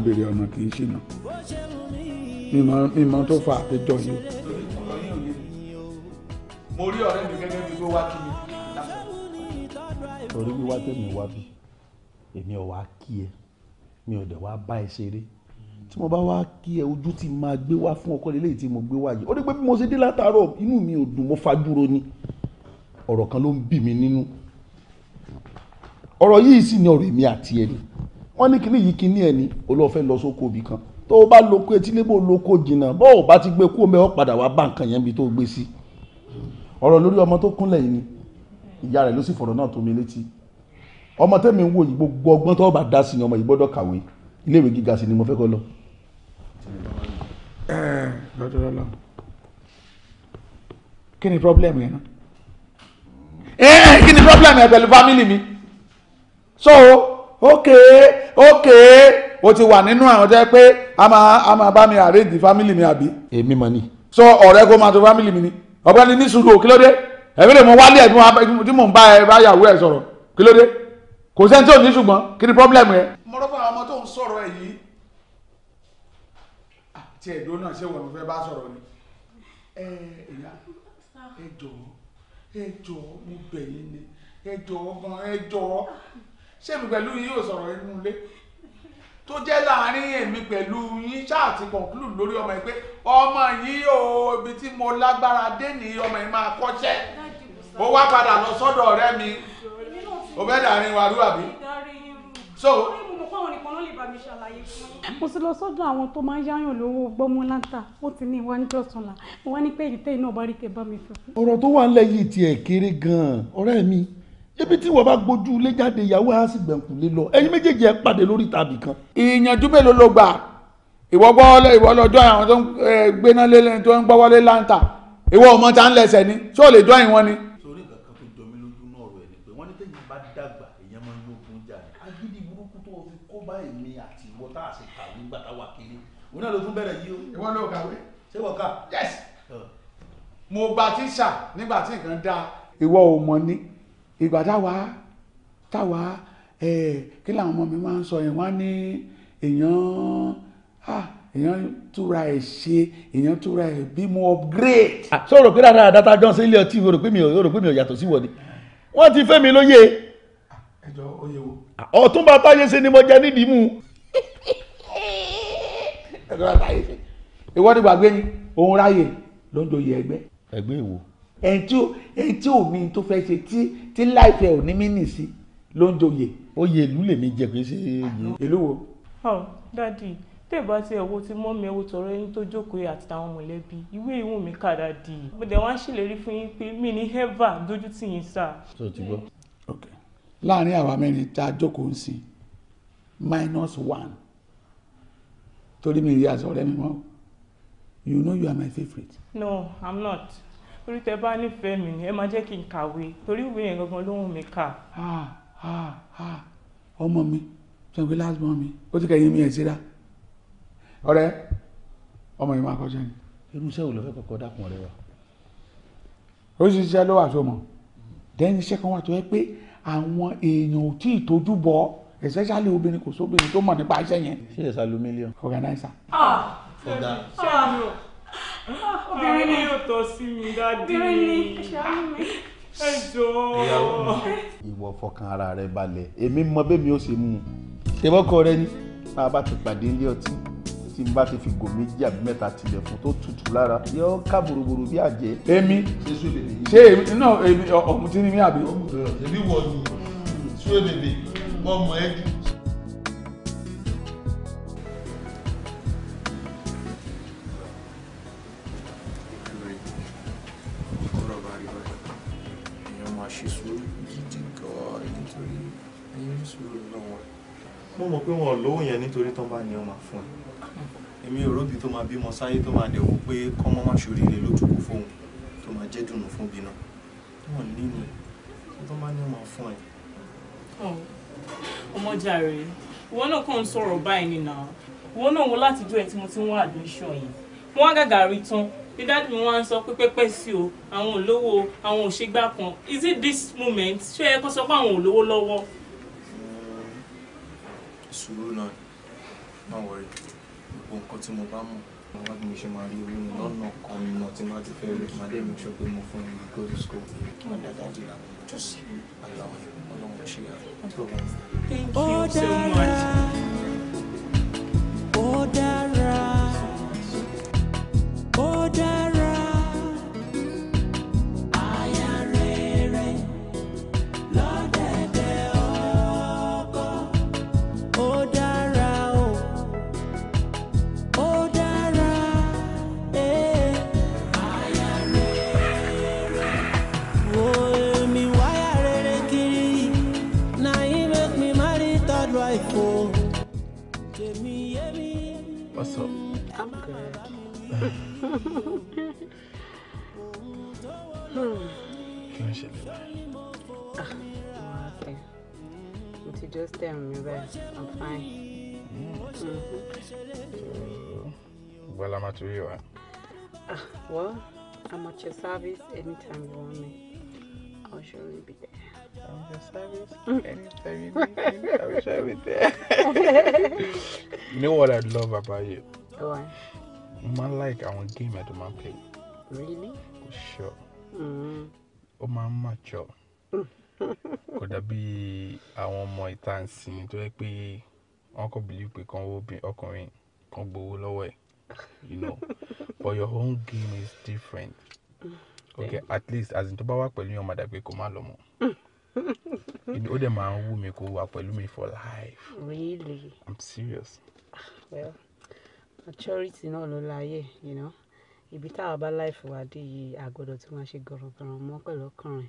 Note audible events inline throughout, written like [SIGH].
àbèrè ọ̀nà kì í ṣìnà mímọ̀ tó fa àpéjọ yìí. mo rí ọ̀rẹ́ mi gẹ́gẹ́ bí wá kí mi. torí wíwá tẹ̀mí wá bí èmi ò wá kí ẹ mi ò dẹ̀ wá bá ẹ ṣeré tí mo bá wá kí ẹ ojú tí máa gbé wá fún ọkọ lélẹ́yìí tí mo gbé wá yìí ó dé pé bí mo ṣe dé látàárọ̀ inú mi ò dùn mo fajúro ni ọ̀rọ̀ kan ló ń bì mí nínú ọ̀rọ̀ yìí sì ni ọ̀rọ̀ èmi àti ẹni wọ́n ní kíní yìí kíní ẹ̀ ní olóòfẹ́ lọ sóko òbí kan tó o bá loko etílébò loko jìnnà bó o bá ti gbé kú omi ọ padà wá bá nǹkan yẹn bí tó gbé sí ọ̀rọ̀ lórí ọmọ tó kúnlẹ̀ yìí ni ìyá rẹ̀ ló sì fọ̀rọ̀ náà tó mi létí ọmọ tẹ́mi ń wò yìí gbogbo ọgbọ́n bá dá sí ni ọmọ yìí gbọ́dọ̀ kàwé iléèwé gíga sí ni mo fẹ́ kọ́ lọ. kí ni problem yẹn náà ókè ókè o ti wà nínú àwọn jẹ́ pé a máa a máa bá mi àrèjì fámìlì mi àbí. èmi mọ̀ ni. sọ ọ̀rẹ́ kó máa tó fámìlì mi ni ọ̀gbọ́n ni ní sùúrù kílódé ẹ̀mí lè mọ wálé ẹ̀ tí mò ń bá ẹ bá yàwó ẹ̀ sọ̀rọ̀ kílódé kò sẹ́ni tó ní ṣùgbọ́n kí ni pọ́blẹ́mù ẹ. mọ̀rọ́fà àwọn ọmọ tó ń sọ̀rọ̀ ẹ̀ yìí àti ah, ẹ̀dọ́ náà ṣé wọn fẹ́ bá sọ̀rọ̀ ni ẹ ìyá ẹ jọ̀ọ́ ẹ jọ̀ọ́ mo bẹ̀ yín ni ẹ gan ẹ ṣèmi pẹ̀lú yín yóò sọ̀rọ̀ inú ilé tó jẹ́ láàrin èmi pẹ̀lú yín ṣáà ti conclude lórí ọmọ yìí pé ọmọ yìí o ibi tí mo lágbára dé nìyí ọmọ yìí máa kọ́ṣẹ́ ó wá padà lọ sọ́dọ̀ ọ̀rẹ́ mi ó fẹ́ dàrin wàrú àbí. so mo ti lọ sọ́dọ̀ àwọn tó máa ń yáyàn lówó gbọ́mú láńtà ó ti ní ìwà níjọ́sùn la wọ́n ní pé èyí tẹ́yìn náà bá rí kẹ́ bá mi fẹ́. ọ̀rọ̀ tó wà ń lẹ̀ tiẹ̀ kéré gan-an ọ̀rẹ́ mi ibi tí wọ́n bá gbójú ilé jáde ìyàwó á sì gbẹ̀kùn lé lọ ẹ̀yin méjèèjì ẹ pàdé lórí tàbí kan. ìyànjú mélòó ló gbà ìwọ gbọ́wọ́lé ìwọ lọ́jọ́ àwọn tó ń gbéná lé lẹ́ni tó ń gbọ́wọ́lé láǹtà ìwọ ọmọ ta ń lẹsẹ̀ ni ṣé ò lè jọ́ ìwọ́n ni. sórí nǹkan kan tó jọ mí lójú náà rẹ̀ ni pé wọ́n ní tẹ̀yìn bá dàgbà èèyàn máa ń yó fún jà ní. agídí burúkú tó o fi kó bá èmi àti ìwọ tá a ṣe kàwé nígbà táwa kiri òun náà ló tún bẹ̀rẹ̀ yìí o. ìwọ ló kàwé. ṣé wọ́n kà. yes. mo gba tíṣà nígbà tí nǹkan dáa. ìwọ ò mọ̀ ni ìgbà táwa táwa kí làwọn ọmọ mi máa ń sọ yẹn wá ní èèyàn èèyàn túra ẹ̀ ṣe èèyàn túra ẹ̀ bí mo upgrade. ṣé o rò pé dáadáa dáadáa johnson ilé ọtí o rò pé mi ò rò mi ò yàtọ̀ sí wọ ni wọ́n ti fẹ́ mi lóye. ẹjọ oyè wo. ọ̀túnba táyé ṣe ni mo jẹ nídìí mú. ẹjọ táyé ṣe ìwọ́n ti gbàgbé ni òun ráyè ló ń joyè ẹgbẹ́. ẹgbẹ́ ìwò ẹni tí ẹni tí ò ní tó fẹ́ ṣe tí tí láìpẹ́ ò ní mí nì sí ló ń joyè. oyè ìlú lèmi jẹ pé ṣé èyí. ìlú wo. ọ oh, dadi tẹ́ẹ̀bá tí ẹ̀wọ́ ti mọ́ mi ẹ̀wọ́ tọrọ ẹyin tó jókòó àtàwọn mọ̀lẹ́bí ìwé ìwọ̀n mi kàdà dì í mo dẹ̀ wá ń ṣèlérí fún yín pé mi ní hẹ́và dojú tì yín sá. tó ti gbọ́. láàárín àwa mẹ́rin tá a jókòó ń sìn minus one torí mi rí aṣọ rẹ mi mọ́ you know you are my favourite. no i'm not torí tẹ bá nífẹ̀ẹ́ mi ni ẹ máa jẹ́ kí n kàwé torí ìwé yẹn gangan ló wùn mí kà. ọmọ mi sọ pé last born mi ó ti kẹyìn mi ẹ̀ síra ọ̀rẹ́ ọmọ yìí máa kọjá ni. irú iṣẹ́ wo ló fẹ́ kọ́kọ́ dákun ọ̀rẹ́ wa. oríṣiríṣi iṣẹ́ ló wà tó mọ̀ dẹ́ni iṣẹ́ kan wà tó yẹ pé àwọn èèyàn ò tí ì tójú bọ̀ especially obìnrin kò sóbìnrin tó mọ̀ nípa iṣẹ́ yẹn. ṣé ẹ sá lu mílíọ̀nù. organizer. ọ̀gá. Ah, ṣé ẹ sá lu mílíọ̀nù obìnrin ni yóò tọ́ sí mi dáadé obìnrin ni ẹ ṣàánú mi ẹ jọ̀ọ́. ìwọ fọkàn ara rẹ balẹ̀ èmi mọ bẹ́ẹ̀ mi ò ṣe mú un tẹ́wọ́kọ rẹ ni máa bá ti pàdé ilé ọtí tí n bá ti fi gò méjì àbí mẹ́ta tilẹ̀ fún tó tutù lára yóò ká boroboro bí àjẹ́. èmi ṣé èmi náà èmi ọ̀mùtí ni mí àbí. èmi wọ̀ ni ṣé èmi lè mọ̀ ọmọ ẹ́ dùn. mo mọ̀ pé wọn lówó yẹn nítorí tán bá ní ọmọ fún ẹ èmi ò róbi tó máa bímọ sáyé tó máa dẹ̀wò pé kọ́mọ́ má ṣoríire lójúkú fóun tó máa jẹ́ dùnú fún bínú wọn ní ni tó máa ní ọmọ fún ẹ. ọmọ jàre ìwọ náà kàn ń sọ̀rọ̀ báyìí nìna ìwọ náà wo láti jó ẹ tí mo ti ń wá admission yìí wọn á gàgà rí tán bí dáàdì mi wá ń sọ pé pẹ́pẹ́ sí o àwọn olówó àwọn òṣègbà kan is it this moment ṣé ẹ kọ́ sọ pé àwọn olówó lọ́wọ́ sùúrù náà má wọrí gbogbo nǹkan tí mo bá mọ̀ mo wá bí mo ṣe máa rí owó mi lọ́nà kan mi tí má ti fẹ́ rí má dé mi sọ pé mo fún mi go to school má dáadáa di àwọn ọjọ́ sí àlọ́ ọlọ́run ṣe àlọ́. ó dára. out to you. Uh, well, I'm at your service anytime you want me. I'll surely be there. I'm your service mm. anytime you [LAUGHS] need me. I'll surely be there. [LAUGHS] you know what I love about you? What? Man like I want game at the man play. Really? Sure. Oh, my mature. Could [LAUGHS] dàbí be I want more sìn tó yẹ pé uncle kò bìlí pé kàn wó obìnrin ọkùnrin kan gbowó lọ́wọ́ you know but your own game is different mm. okay at least as in tó bá wà pẹ̀lú yan madà pé kò má lọ mọ́ [LAUGHS] ó dẹ̀ máa ń wù mí kó wà pẹ̀lú mi for life really i'm serious ah, well maturity náà ló láyé you know ibi táwa bá láìfò wá dé yìí àgọ́dọ̀ tí wọ́n ṣe gọ̀rọ̀gọ̀rọ̀ mọ́ pẹ̀lú ọkùnrin.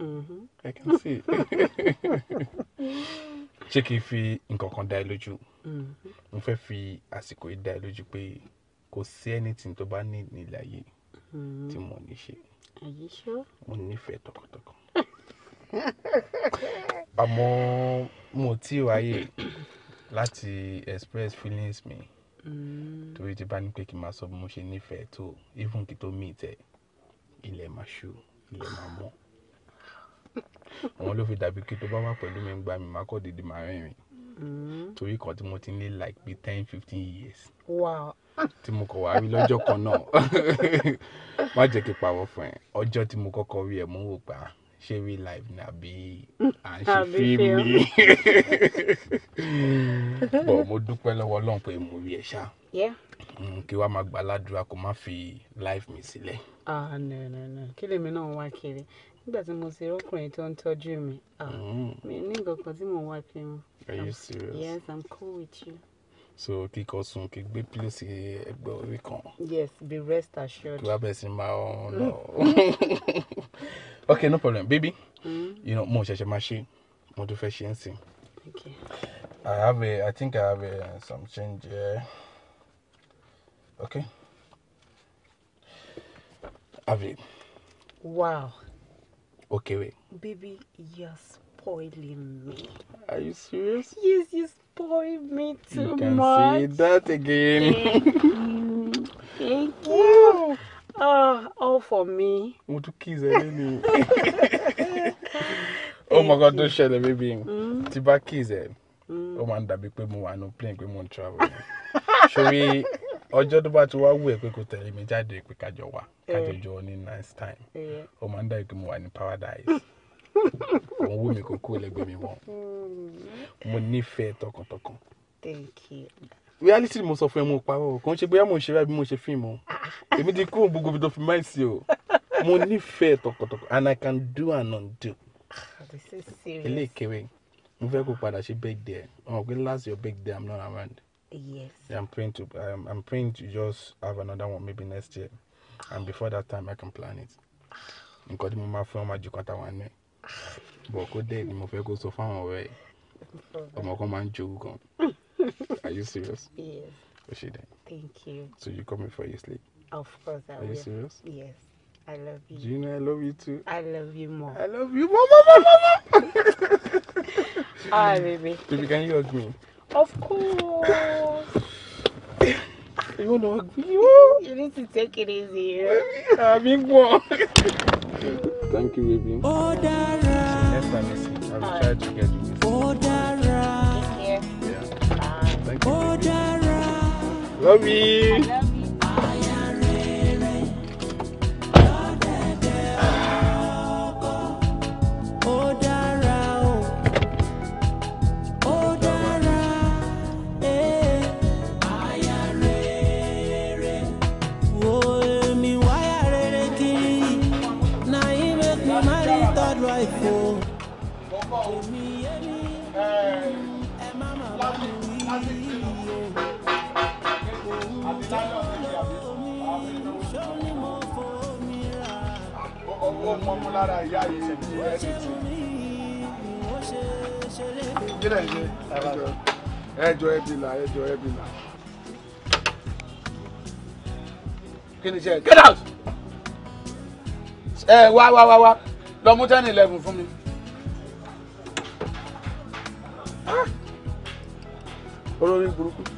Mm-hmm. I can see. [LAUGHS] ṣé kìí fi nǹkan kan dá ẹ lójú mm-hmm. mo fẹ́ fi àsìkò yìí dá ẹ lójú pé kò sí anything tó bá ní nílẹ̀ ayé mm-hmm. tí mo ní ṣe mo nífẹ̀ẹ́ tọkàntọkàn àmọ́ mo tí ì wáyè láti express feelings mi. Mm. torí tí bá ní pé kí n máa sọ bí mo ṣe nífẹ̀ẹ́ tó even kí tó mì tẹ ilẹ̀ máa ṣú ilẹ̀ máa mọ́. Òun ló fi dàbí pé tó bá wà pẹ̀lú mi nígbà mi máa kọ́ dìde máa rẹ́rìn-ín mm. torí kan tí mo ti ní like bí ten fifteen years. Wow. Tí mo kọ̀ wá rí lọ́jọ́ kan náà [LAUGHS] má jẹ́ kí n pàrọ̀ fún ẹ ọjọ́ tí mo kọ́kọ́ rí ẹ mo ń wò pa ah, á ṣé real life ni àbí mm, à ń ṣe fíìmù [LAUGHS] But mo dúpẹ́ lọ́wọ́ Ọlọ́run pé mo rí ẹ ṣá mm, kí wàá máa gbàládùra kó má fi life mi sílẹ̀. kí lèmi náà wá kiri nígbà tí mo ṣe rọ́kùnrin tó ń tọ́jú mi mm. mi ní nǹkan tí mò wá kiri. Are you serious? Yes, I'm cool with you so kíkọ sùn kí gbé pílẹ̀sì ẹgbẹ́ orí kan. yes be rest assured. kí wàá bẹ̀rẹ̀ sí máa ń lọ. [LAUGHS] okay no problem baby mm. you know mo ṣẹ̀ṣẹ̀ máa ṣe mo tún fẹ́ ṣe ń sìn. I have a, I think I have a, some change here. Eh. Okay. Have it. Wow. Okay, wait. Baby, you're spoiling me. Are you serious? Yes, you spoil me too much. You can much. see that again. Thank you. Thank [LAUGHS] you. Oh, all for me. Mo tún kiss ẹ Oh my God, don't share the baby. Mm. Tí bá kiss ẹ, mm. ó máa ń dàbí pé mo wà plane pé mo ń travel. Ṣorí ọjọ́ tó bá ti wá wù ẹ́ pé kò tẹ̀lé mi jáde pé kájọ wà kájọ eh. jọ ní nice time. Eh. Ó máa ń dàbí pé mo wà ní paradise. Òun wù mí kókó lẹ́gbẹ̀ẹ́ mi mọ́. Mm. Mo nífẹ̀ẹ́ tọkàntọkàn. Thank you reality mo sọ fún ẹ mo parọ́ kò ń ṣe bóyá mo ń ṣe rẹ bí mo ṣe fíìmù ah. èmi ti kó gbogbo ibi tó fi máì sí o mo nífẹ̀ẹ́ tọkàntọkàn and i can do and undo. ilé ìkẹwé mo fẹ́ kó padà ṣe birthday ẹ̀ ọmọ pé last your birthday i'm not around. yes i'm praying to um, i'm praying to just have another one maybe next year and before that time i can plan it. nǹkan tí mo máa fún ọmọ àjùkọ́ táwọn ní ah. bọ̀ kó dé ni mo fẹ́ kó sọ fáwọn ọ̀rẹ́ ọmọ kan máa ń jowú gan. [LAUGHS] Are you serious? Yes. Was she there? Thank you. So you coming for your sleep? Of course I Are will. you serious? Yes. I love you. Do you know I love you too? I love you more. I love you more, more, more, more, mama. Hi, baby. Baby, can you hug me? Of course. [COUGHS] you want to hug me? You need to take it easy. I'm being born. Thank you, baby. Oh, Dara. I will try to get you. Oh, Love you. ẹjọ ẹbí là ẹjọ ẹbí là. kí ṣe get out ẹ eh, wá wá wá wá lọ mú ten eleven fún mi. Ah! olórí burúkú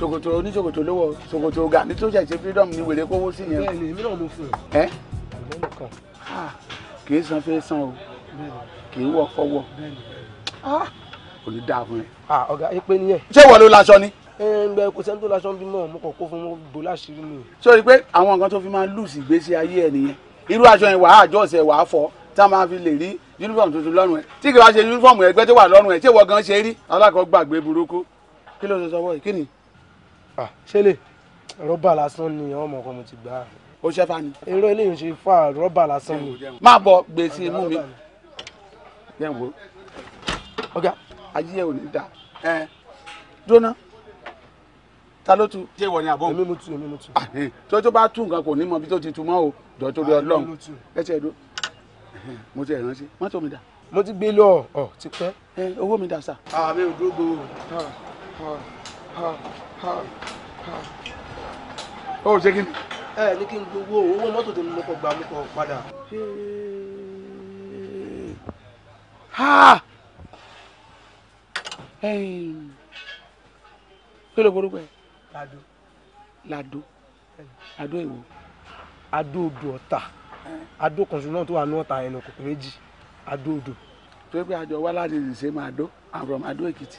ṣòkòtò oníṣòkòtò lówó ṣòkòtò gàní tó ṣẹ̀ṣẹ̀ freedom ní wèrè kówó sí yẹn. bẹ́ẹ̀ni mìíràn ló fún ẹ. ẹ kì í san fẹ́ san o kì í wọ fọwọ́ kò ní dáa fún ẹ. ọ̀gá ipe ni ẹ. ṣé ìwọ laṣọ ni. ẹnbẹ kò sẹ́ni laṣọ ń mo kàn kó fún mo bò láṣìírí mi. sórí pé àwọn nǹkan tó fi máa lù sí ìgbésí ayé ẹ nìyẹn irú aṣọ yẹn wàá àjọṣe wàá fọ tá a máa fi lè rí yunifọ̀mù tuntun lọ́rùn ẹ̀ tí kì í wá ṣe yunifọ̀mù ẹgbẹ́ tó wà lọ́rùn ẹ̀ tí ìwọ gan ṣe rí alákọ̀ọ́ burúkú kí ló sọ sọ wọ́ọ̀ kí Ah. ṣẹlẹ̀ rọ́bà lásán ni ọmọ ọkọ mi ti gbà. ó ṣe fa ni. èrò eléyìí ṣe fa rọ́bà lásán ni. máa bọ gbèsè mú mi. yẹn wo ọgá ayé yẹn ò ní da ẹ jóná ta ló tu. ṣé ìwọ ni àbọ̀. èmi mo tu èmi mo tu. Ah, eh, tó tó bá tú nǹkan kò ní mọ bí tó ti tu mọ́ o dọ̀tò lọ ah, lọ́hùn ẹsẹ̀ dó mo ti ẹ̀ rántí mọ́tò mi dà. mo ti gbé lọ ọ ti pẹ́. owó mi dà sà. àmì òdúgbò ó oh, ṣe kí ni. ẹ ní kí n gbowó owó mọ́tò tó ní mo kọ gbà mo kọ padà. Ah! kí ló borúkọ ẹ. lado. lado adó ìwò. adó odò ọ̀tà adó kọ̀ọ̀sùn náà tó wà ní ọ̀tà ẹnu kòkòrò méjì adó odò. tó yẹ pé àjọ wa láti ṣe máa dó àbúrò máa dó èkìtì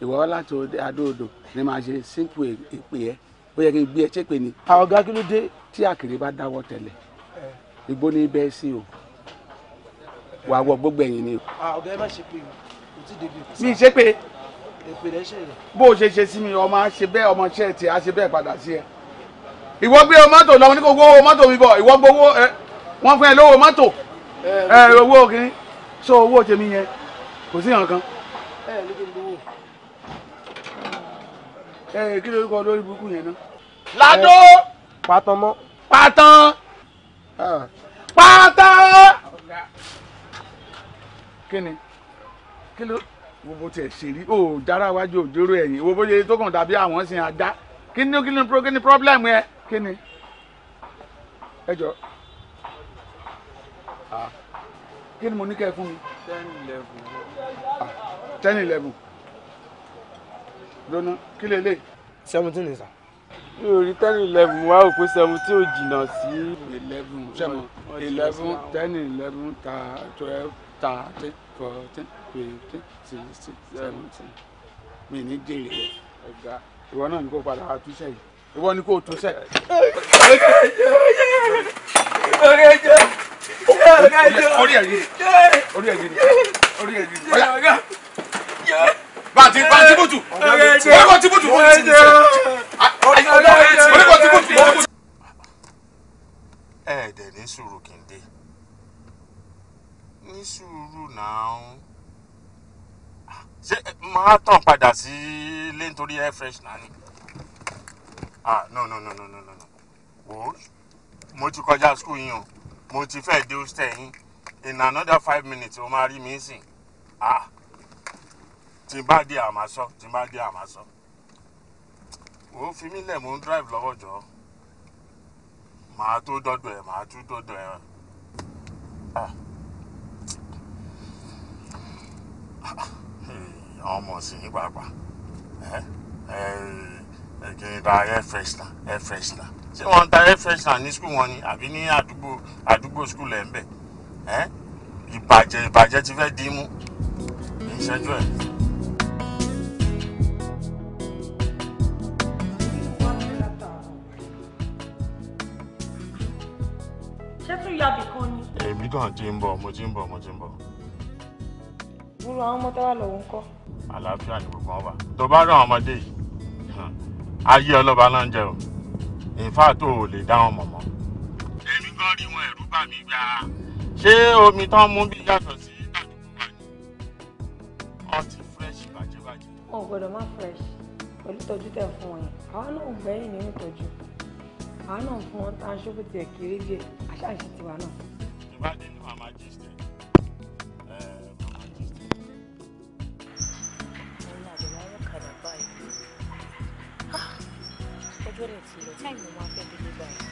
ìwọ láti adóodò ni màá ṣe simple ìpè e- ẹ bóyá kí n gbé ẹ ṣe pé ni. àwọn ọ̀gá kí ló dé. tí àkèrè bá dáwọ́ tẹ̀lẹ̀ igbó ní bẹ́ẹ̀ sí o wà á wọ gbogbo ẹ̀yìn ni o. ọ̀gá ẹ má ṣe pé o ti dèbí o. mi ṣe pé bó o ṣe ṣe sí mi ọmọ á ṣe bẹ́ẹ̀ ọmọ ṣẹ́ ti á ṣe bẹ́ẹ̀ padà sí ẹ. ìwọ gbé mọ́tò lọ́wọ́ ní kò gbówó mọ́tò mi bọ̀ ìwọ gbówó ẹ wọ́n fún ẹ lówó mọ́tò ẹ owó kìíní so owó tèmi yẹn kò sí nǹkan. ẹ ẹ níbi ẹ kí ló kọ lórí burúkú yẹn náà. ládó. patan mọ. patan. patan. kí ni kí ló gbogbo tiẹ̀ ṣèrí o dára wájú òjòrò ẹ̀yìn wo bó ṣe tó kàn dàbí àwọn sin ajá kí ni kí ni kí ni problem yẹ kí ni ẹ jọ kí ni mo ní kẹ́ fún mi. ten eleven. ten eleven lónà kí lélẹ̀. seventeen ni sà. mi ò rí ten eleven wá òpin seventeen ò jìnnà sí eleven seven eleven ten eleven ta twelve ta ten fourteen fifteen sixteen seventeen mi ní jèrè rẹ ìwọ náà ní kó padà wá túṣẹ́ yìí ìwọ ní kó túṣẹ́. ọ̀rẹ́ jẹ́ ọ̀rẹ́ jẹ́ orí ẹ̀yìn orí ẹ̀yìn orí bàtí bàtí bùtù oníkọ̀ tí bùtù oníkọ̀ tí bùtù. ẹ dẹ̀ ní sùúrù kí n ní sùúrù náà ṣé máa tàn padà sí ilé nítorí air fresh nani. ah no no no no no no wò ó mo ti kọjá school yín o mo ti fẹ́ dé hostel yín in another five minutes o máa rí mi sìn ah tí n bá dé àmà sọ tí n àmà sọ ò fi mí lẹ̀ mò ń drive lọ́wọ́ jọ màá tó dọ́dọ̀ ẹ̀ màá tó dọ́dọ̀ ẹ̀ àwọn ah. ọmọ sì ní pàápàá ẹ ẹ kì í da air freshener air freshener ṣé wọ́n ń ta air freshener ní skul wọn ni àbí ní àdúgbò àdúgbò skul ẹ̀ ń bẹ̀ ẹ ìbàjẹ́ ìbàjẹ́ ti fẹ́ dìímú ìṣẹ́jú ẹ̀. dàbí kan ni. èmi kàn ti ń bọ̀ mo ti ń bọ̀ mo ti ń bọ̀. gbúrú àwọn ọmọ ni gbogbo wọn wà tó bá rán ọmọdé yìí ayé ọlọ́ba náà ń jẹ o ìfà tó o lè dá wọn mọ̀ mọ́. èmi gan rí wọn ẹ̀rú bà mí gbà á omi tán mú bí yàtọ̀ sí àdúgbò wa ni ọtí fresh bàjẹ́ bàjẹ́. wọn ò gbọdọ̀ má fresh pẹ̀lú tọ́jú tẹ̀ fún wọn yẹn àwọn náà ò gbẹ́yìn nínú ìtọ́jú àwa náà fún wọn tá a ṣọ́bù tiẹ̀ kéré díẹ̀ aṣáàṣì tiwa náà. ìbádé ni màmá jíṣẹ́ màmá jíṣẹ́. mo ní àbẹ̀wò ayọ́kadà báyìí ah! ọjọ́ rẹ̀ ti lọ táìmù máa fẹ́ délé báyìí.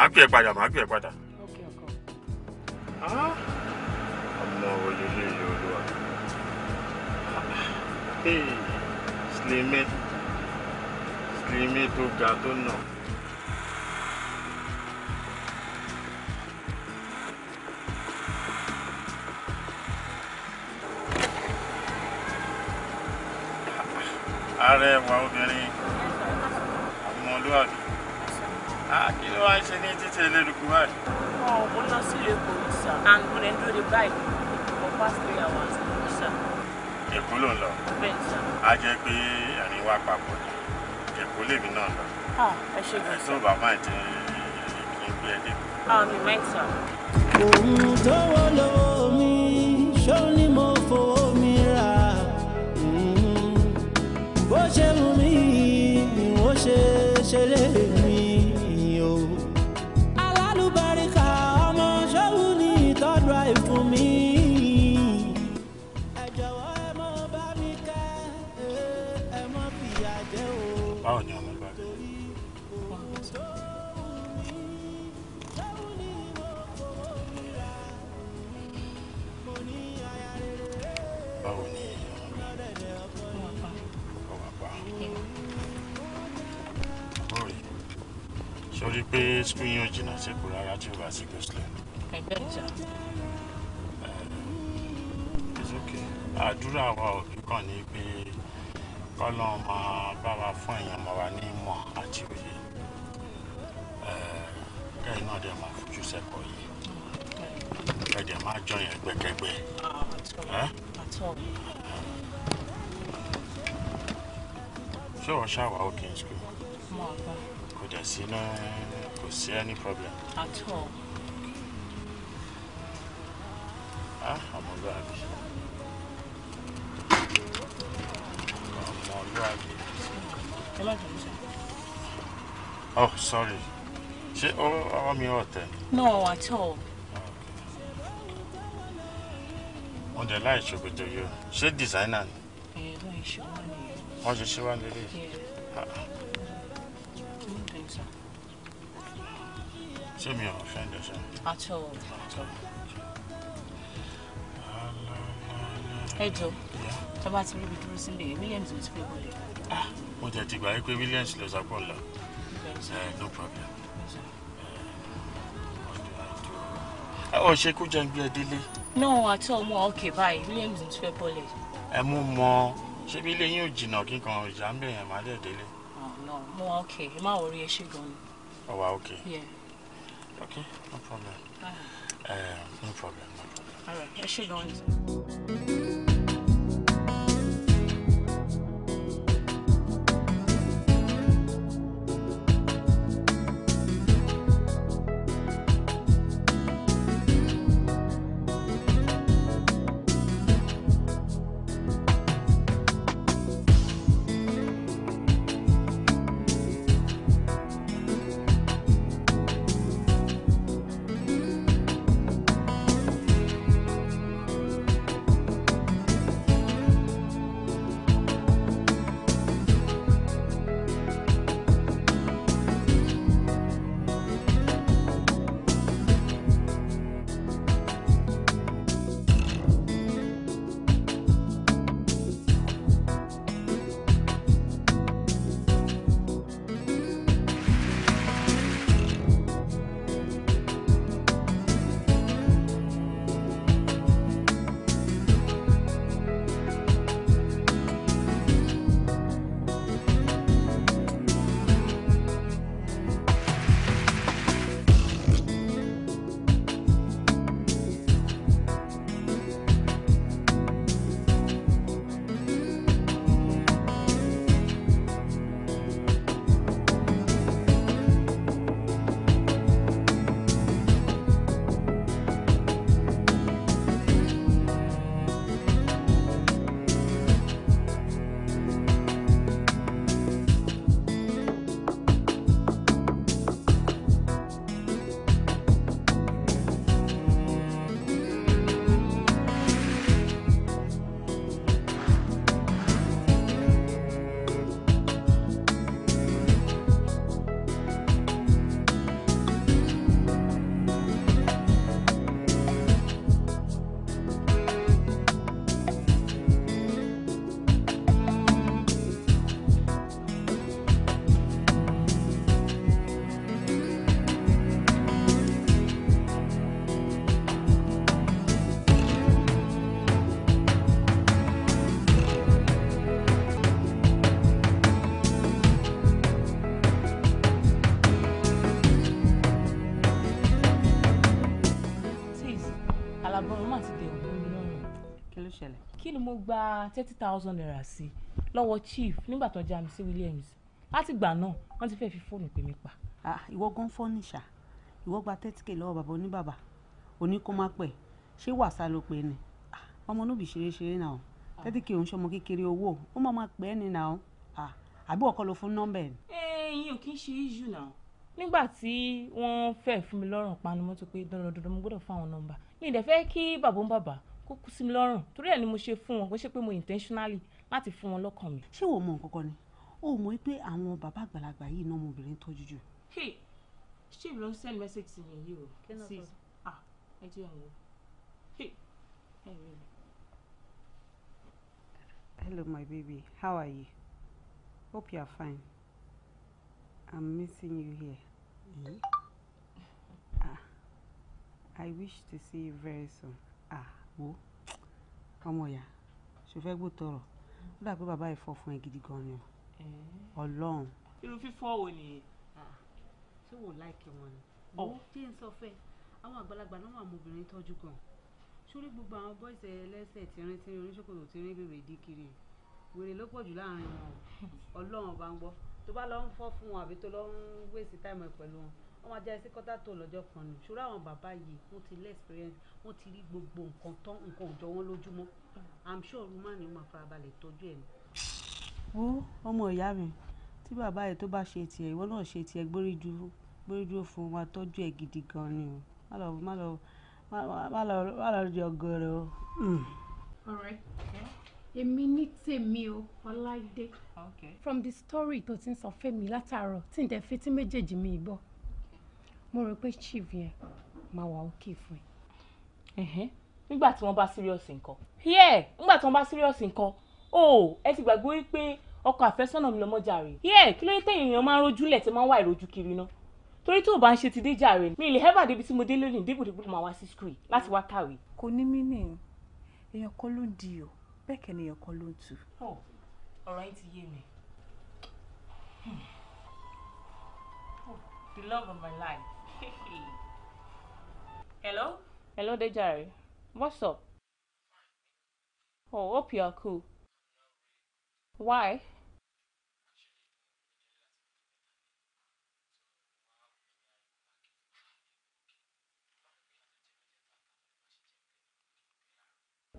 màá pè é padà màá pè é padà. Ah. ọmọ òye lè yọ olúwa sílẹ̀mẹ́ sílẹ̀mẹ́ tó ga tó nà. ààrẹ wa obìnrin ọmọlúwàbí wá ń ṣe ní títí ẹlẹ́dùkú báyìí. wọn ò mú lọ sí ìlú èkó sà and mo lè dúró de báyìí for past three hours sà. èkó ló ń lọ. bẹ́ẹ̀ sà. a jẹ́ pé ẹ̀rín wá papọ̀ ni èkó lèmi náà lọ. ẹ ṣe gbèsè. ẹ̀sùn bàbá ẹ̀ ti kí n gbé ẹ dé. Ah, mi mẹ́ta. òun tó àdúrà wa òbí kàn ní pé kọ́lọ́ máa bá wa fún èèyàn máa wà ní ìmọ̀ àti òye kẹ́yìn náà dẹ̀ máa fojú sẹ́kọ̀ yìí kẹ́dẹ̀ máa jọyàn gbẹ́kẹ́gbẹ́. ṣé wọ́n ṣàwà ó kí n sùn kò dẹ̀ sí náà kò sí any problem. at all. Oh, sorry. all ọwọ́ mi ọ̀tẹ̀? No, at all. On Wọ́n dẹ̀ láì ṣòkòtò yìí o. Ṣé designer ni? Ẹ̀rọ ìṣúná ni. Wọ́n ṣe ṣé wá lélẹ̀. Ṣé mi ò fẹ́ ǹdẹ̀ At all. At all. Hey Joe. tọ́ba ti rí ibi dúró sílé, Williams ò ti pé kò lè. Mo tẹ̀ ti gbà yí pé Williams Uh, no problem. ọ ṣe kó jẹun gbé ẹ délé. no àti ọmọ ọkẹ báyìí williams ti fẹ́ bọ́lẹ̀. ẹ mú mọ ṣé bí ilé yín ò jìnnà kíkan ìjà ń bẹ̀yẹn má dẹ̀ délé. Oh, no mo ọkẹ ẹ má wọrí ẹ ṣe gan-an. ọwà ọkẹ. no problem. no problem. all right ẹ ṣe gan gba thirty thousand naira sí lọ́wọ́ chief nígbà tó já mi sí Williams láti gbà náà wọ́n ti fẹ́ẹ́ fi fóònù pè mí pa. ìwọ gan fọ́nìṣà ìwọ gba thirty k lọ́wọ́ bàbá oníbàbà òní kó má pẹ́ ṣé wàsá ló pe ni ọmọ níbi ṣeréṣeré náà thirty k òun ṣọmọ kékeré owó ó má má pẹ́ ni náà àbí ọkọ ló fún nọ́mbà ẹ̀. ẹyin ò kí ń ṣe issue náà nígbà tí wọ́n fẹ́ fún mi lọ́rùn panu mọ́tò pé dandandandan mo gbọ́dọ̀ fún àwọn nọ́mbà mi ì dẹ̀ fẹ́ kí bàbá ń bàbá kó sí mi lọ́rùn torí ẹ̀ ni mo ṣe fún wọn kó ṣe pé mo intentionally láti fún wọn lọ́kàn mi. ṣé o mọ nǹkan kan ni o mọ̀ pé àwọn bàbá àgbàlagbà yìí náà ọmọbìnrin tọ́jú jù. ṣé ìlú ń send message sí mi yìí o sí ah ẹ jẹ́ ẹ̀rọ hello my baby how are you hope you are fine i'm missing you here. Mm -hmm. ah, I wish to see you very soon wo ọmọ ìyá ṣe fẹ́ tọrọ ó dà pé bàbá yìí fọ́ fún ẹ gidi gan ni o ọlọ́run. irú fífọ́ wo nìyẹn. ṣé wò láìkí wọn ni. ó jẹ́ ń sọ fẹ́ àwọn àgbàlagbà náà wà mọ obìnrin tọ́jú gan sórí gbogbo àwọn bọ́ìsì ẹlẹ́sẹ̀ tìrín tìrín oníṣòkòtò tìrín bèbè dí kiri wèrè ló pọ̀ jù láàrin wọn ọlọ́run bá ń gbọ́ tó bá lọ ń fọ́ fún wọn àbí tó lọ ń wéṣì táìmù ẹ̀ pẹ̀lú wọn wọ́n máa jáde sí kọ́tà tó lọ́jọ́ kan nù ṣùgbọ́n àwọn bàbá yìí wọ́n ti lé experience wọ́n ti rí gbogbo nǹkan tán nǹkan òjò wọn lójúmọ́ i'm sure rúmà ni wọ́n máa farabalẹ̀ tọ́jú ẹ̀. wo ọmọ ìyá mi tí bàbá yìí tó bá ṣe tiẹ̀ ìwọ náà ṣe tiẹ̀ gbórí dúró fún wa tọ́jú ẹ̀ gidi gan ni o má lọ má lọ má lọ jọ gọrọ. Hmm. ọ̀rẹ́ èmi ní tèmi o ọláìdé from the story tó ti ń sọ fẹ́mi látàárọ̀ tí n dẹ̀ fi tí méjèèjì mi ì gbọ́ mo rò pé chief yẹn máa wà òkè fún ẹ. nígbà tí wọ́n bá serious nǹkan yẹ nígbà tí wọ́n bá serious nǹkan o oh! ẹ ti gbàgbé wípé ọkọ àfẹ́sọ́nà mi lọ́mọ jàre yẹ kí ló dé tẹ̀yìn èèyàn máa ń rojú lẹ̀ tí máa ń ìrojú kiri náà torí tó o bá ń ṣe ti dé jàre mi ilé hẹ́fà débi tí mo dé lónìí débùdébù máa wá sí school láti wá kàwé. kò ní mí nì èèyàn kan ló ń di o bẹ́ẹ̀ kẹ́ ni èèyàn kan ló ń tu. Oh! ọ̀rọ̀ yìí ti yé mi. Hmm. Oh! the love of my life. [LAUGHS] Hello? Hello, Dejari. What's up? Oh, hope you're cool. Why?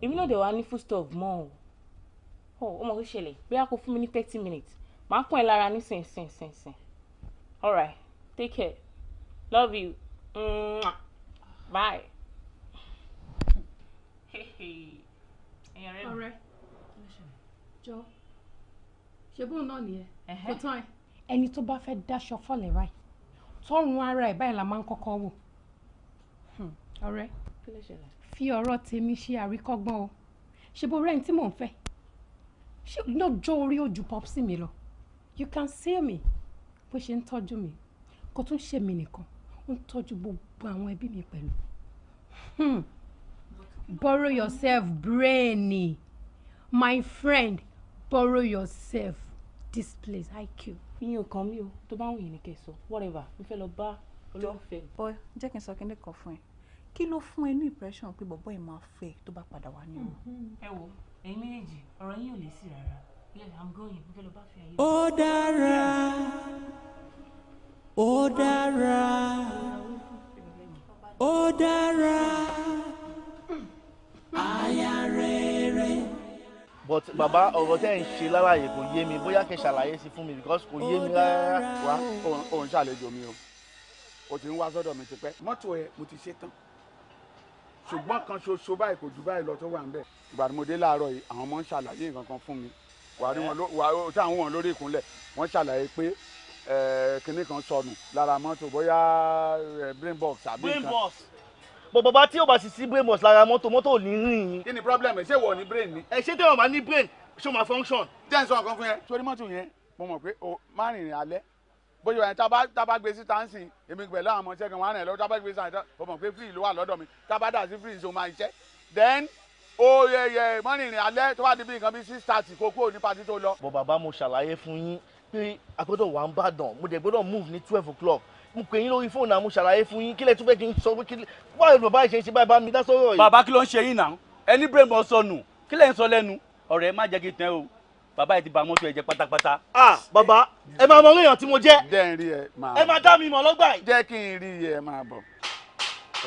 èmi náà dẹ̀ wá ní full stop mọ́ o ọ oh, ó mọ̀ tó ṣẹlẹ̀ bóyá kó fún mi ní thirty minutes màá kún ẹ lára All right. take care. Love you. Mwah. Bye. Hey. Ọ̀rẹ́ jọ ṣe bóun náà nìyẹn kò tán ẹ. Ẹni tó bá fẹ́ dáṣọ fọ́lẹ̀ ráì tọrùn ara ẹ̀ báyìí la máa ń kọ́kọ́ wò. Hmm. Ọ̀rẹ́ fi ọ̀rọ̀ tèmi ṣe àríkọ́gbọ́n o ṣe bó rẹ́ni tí mò ń fẹ́ ṣe lọ́jọ́ orí ojú pọ́psì mi lọ you can see me bó ṣe ń tọ́jú mi kò tún ṣe mí nìkan ń tọ́jú gbogbo àwọn ẹbí mi pẹ̀lú hmm. borrow yourself brainy my friend borrow yourself this place IQ. iyan kan mi o tó bá wùn yín ní kẹ́ whatever mo fẹ́ lọ bá olólùfẹ́. boy jẹ́ kí n sọ kíndé kan fún ẹ kí ló fún ẹ ní impression pé bọ̀bọ́ ẹ̀ máa fẹ́ tó bá padà wá ní o. ẹ wo ẹ̀yin méjèèjì ọ̀rọ̀ yín ò lè sí rárá yes i'm going mo fẹ́ lọ bá fẹ́ ayé. ó dára ó dára ó dára aya rere. but Baba, ọ̀rọ̀ tẹ́ ń ṣe lálàyé kò yé mi bóyá kẹ́ ṣàlàyé sí fún mi because kò yé mi rárá. wá òun ṣàlejò mi o o ti ń wá sọ́dọ̀ mi tipẹ́ mọ́tò ẹ mo ti ṣe tán ṣùgbọ́n kan ṣoṣo báyìí kò jù báyìí lọ tó wà ń bẹ̀. ìgbà tí mo dé láàárọ̀ yìí àwọn ọmọ ń ṣàlàyé nǹkan kan fún mi wàá rí wọn lórí ìkúnlẹ̀ wọ́n ṣàlàyé pé kinní kan sọnù lára mọ́tò bóyá brain box àbí nǹkan. brain box bọ̀bọ̀ bá tí yóò bá sì sí brain box lára mọ́tò mọ́tò ò ní rìn kí ni problem ẹ ṣé wọ ní brain ni. ẹ ṣé tí wọn bá ní brain ṣó máa function. jẹ́ n sọ nǹkan fún yẹn. sórí mọ́tò yẹn mo mọ̀ pé o má rìnrìn alẹ́ bóyá yẹn tábà tábà gbé sí táǹsì èmi pẹ̀lú àwọn ọmọ ṣẹ́gun wọn rìn lọ tábà gbé sí àìsàn o mọ̀ pé free ló wà lọ́dọ̀ mi tábà dà sí free so máa ṣẹ́ then ó yẹ yẹ mọ́rìnrìn alẹ́ tó bá di bí nǹkan bí six thirty kókó ní pati tó lọ. bọ̀ bàbá mo ṣàlàyé fún yín pé agbọ́dọ̀ wà ń bàdàn mo dẹ̀ gbọ́dọ̀ move ní twelve o'clock mo pè yín lórí fóònù àmú ṣàlàyé fún yín kílẹ̀ tó fẹ́ kí n sọ pé kílẹ̀ báyìí bàbá ìṣe ṣe báyìí bá mi dá sọ́rọ̀ yìí. bàbá kí ló ń ṣe yín náà ẹni brain mọ sọnù kílẹ̀ ń sọ lẹ́nu ọ̀rẹ́ má jẹ́ kí n tẹ́ o bàbá yìí ti bà mọ́tò ẹ̀ jẹ́ pátápátá. a bàbá ẹ máa mọ orí èèyàn tí mo jẹ́ ẹ máa dá mi mọ̀ lọ́gbà yìí. jẹ́ kí n rí i ẹ máa bọ̀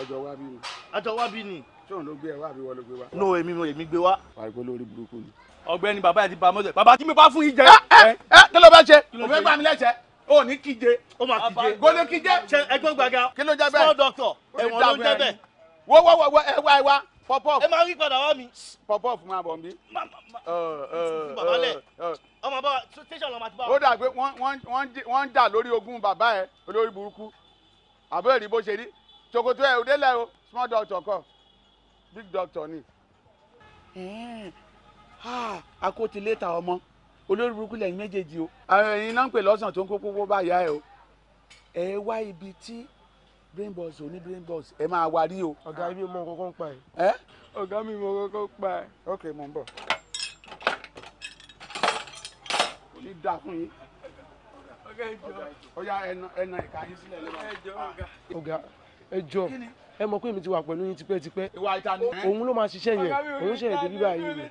ọjọ́ wá bí ni. ọjọ́ wá bí ni. sóun ló gbé ẹ wá àbí wọ́n ló gbé wá. no èmi èmi gbé wá. wàá gbé burúkú ni ọ̀gbẹ́ni bàbá yẹn ti ba mọ́tò bàbá tí mi bá fún yín jẹ. ẹ eh, ẹ eh, eh? kí ló bá ṣe kò fẹ́ gbà mí lẹ́sẹ̀ o ní kíje o máa kíje gólé kíje. ṣe ẹgbẹ́ small doctor ẹ̀wọ̀n ló jẹ́ bẹ́ẹ̀. wo wo wo ẹ wá ẹ wá pọpọf. ẹ máa rí padà wá mi. pọpọf máa bọ̀ nbí. bàbá lẹ̀ ọmọ bá tẹ̀sán lọ́mọ àti bá. ó dà pé wọ́n ń jà lórí ogún bàbá ẹ̀ olórí burúkú àbẹ́rẹ́ bó ṣe rí ṣòkòtò ẹ̀ òdélẹ̀ o small doctor kọ big doctor ni. Ah, akó ti ta ọmọ olórí burúkú lẹ́yìn méjèèjì o ẹ̀yin náà ń pè lọ́sàn tó ń kó bá ẹ o ẹ wá ibi tí brain box ò ní brain box ẹ máa wá rí o. ọ̀gá mi mọ kókó ń pa ẹ̀. ẹ́ ọ̀gá mi mọ pa ẹ̀. ok mo ń bọ̀. ní ẹ mọ̀ pé èmi ti wà pẹ̀lú yín tipẹ́tipẹ́ òun ló máa ṣiṣẹ́ yẹn òun ṣẹ̀yẹ̀ débi báyìí rẹ̀.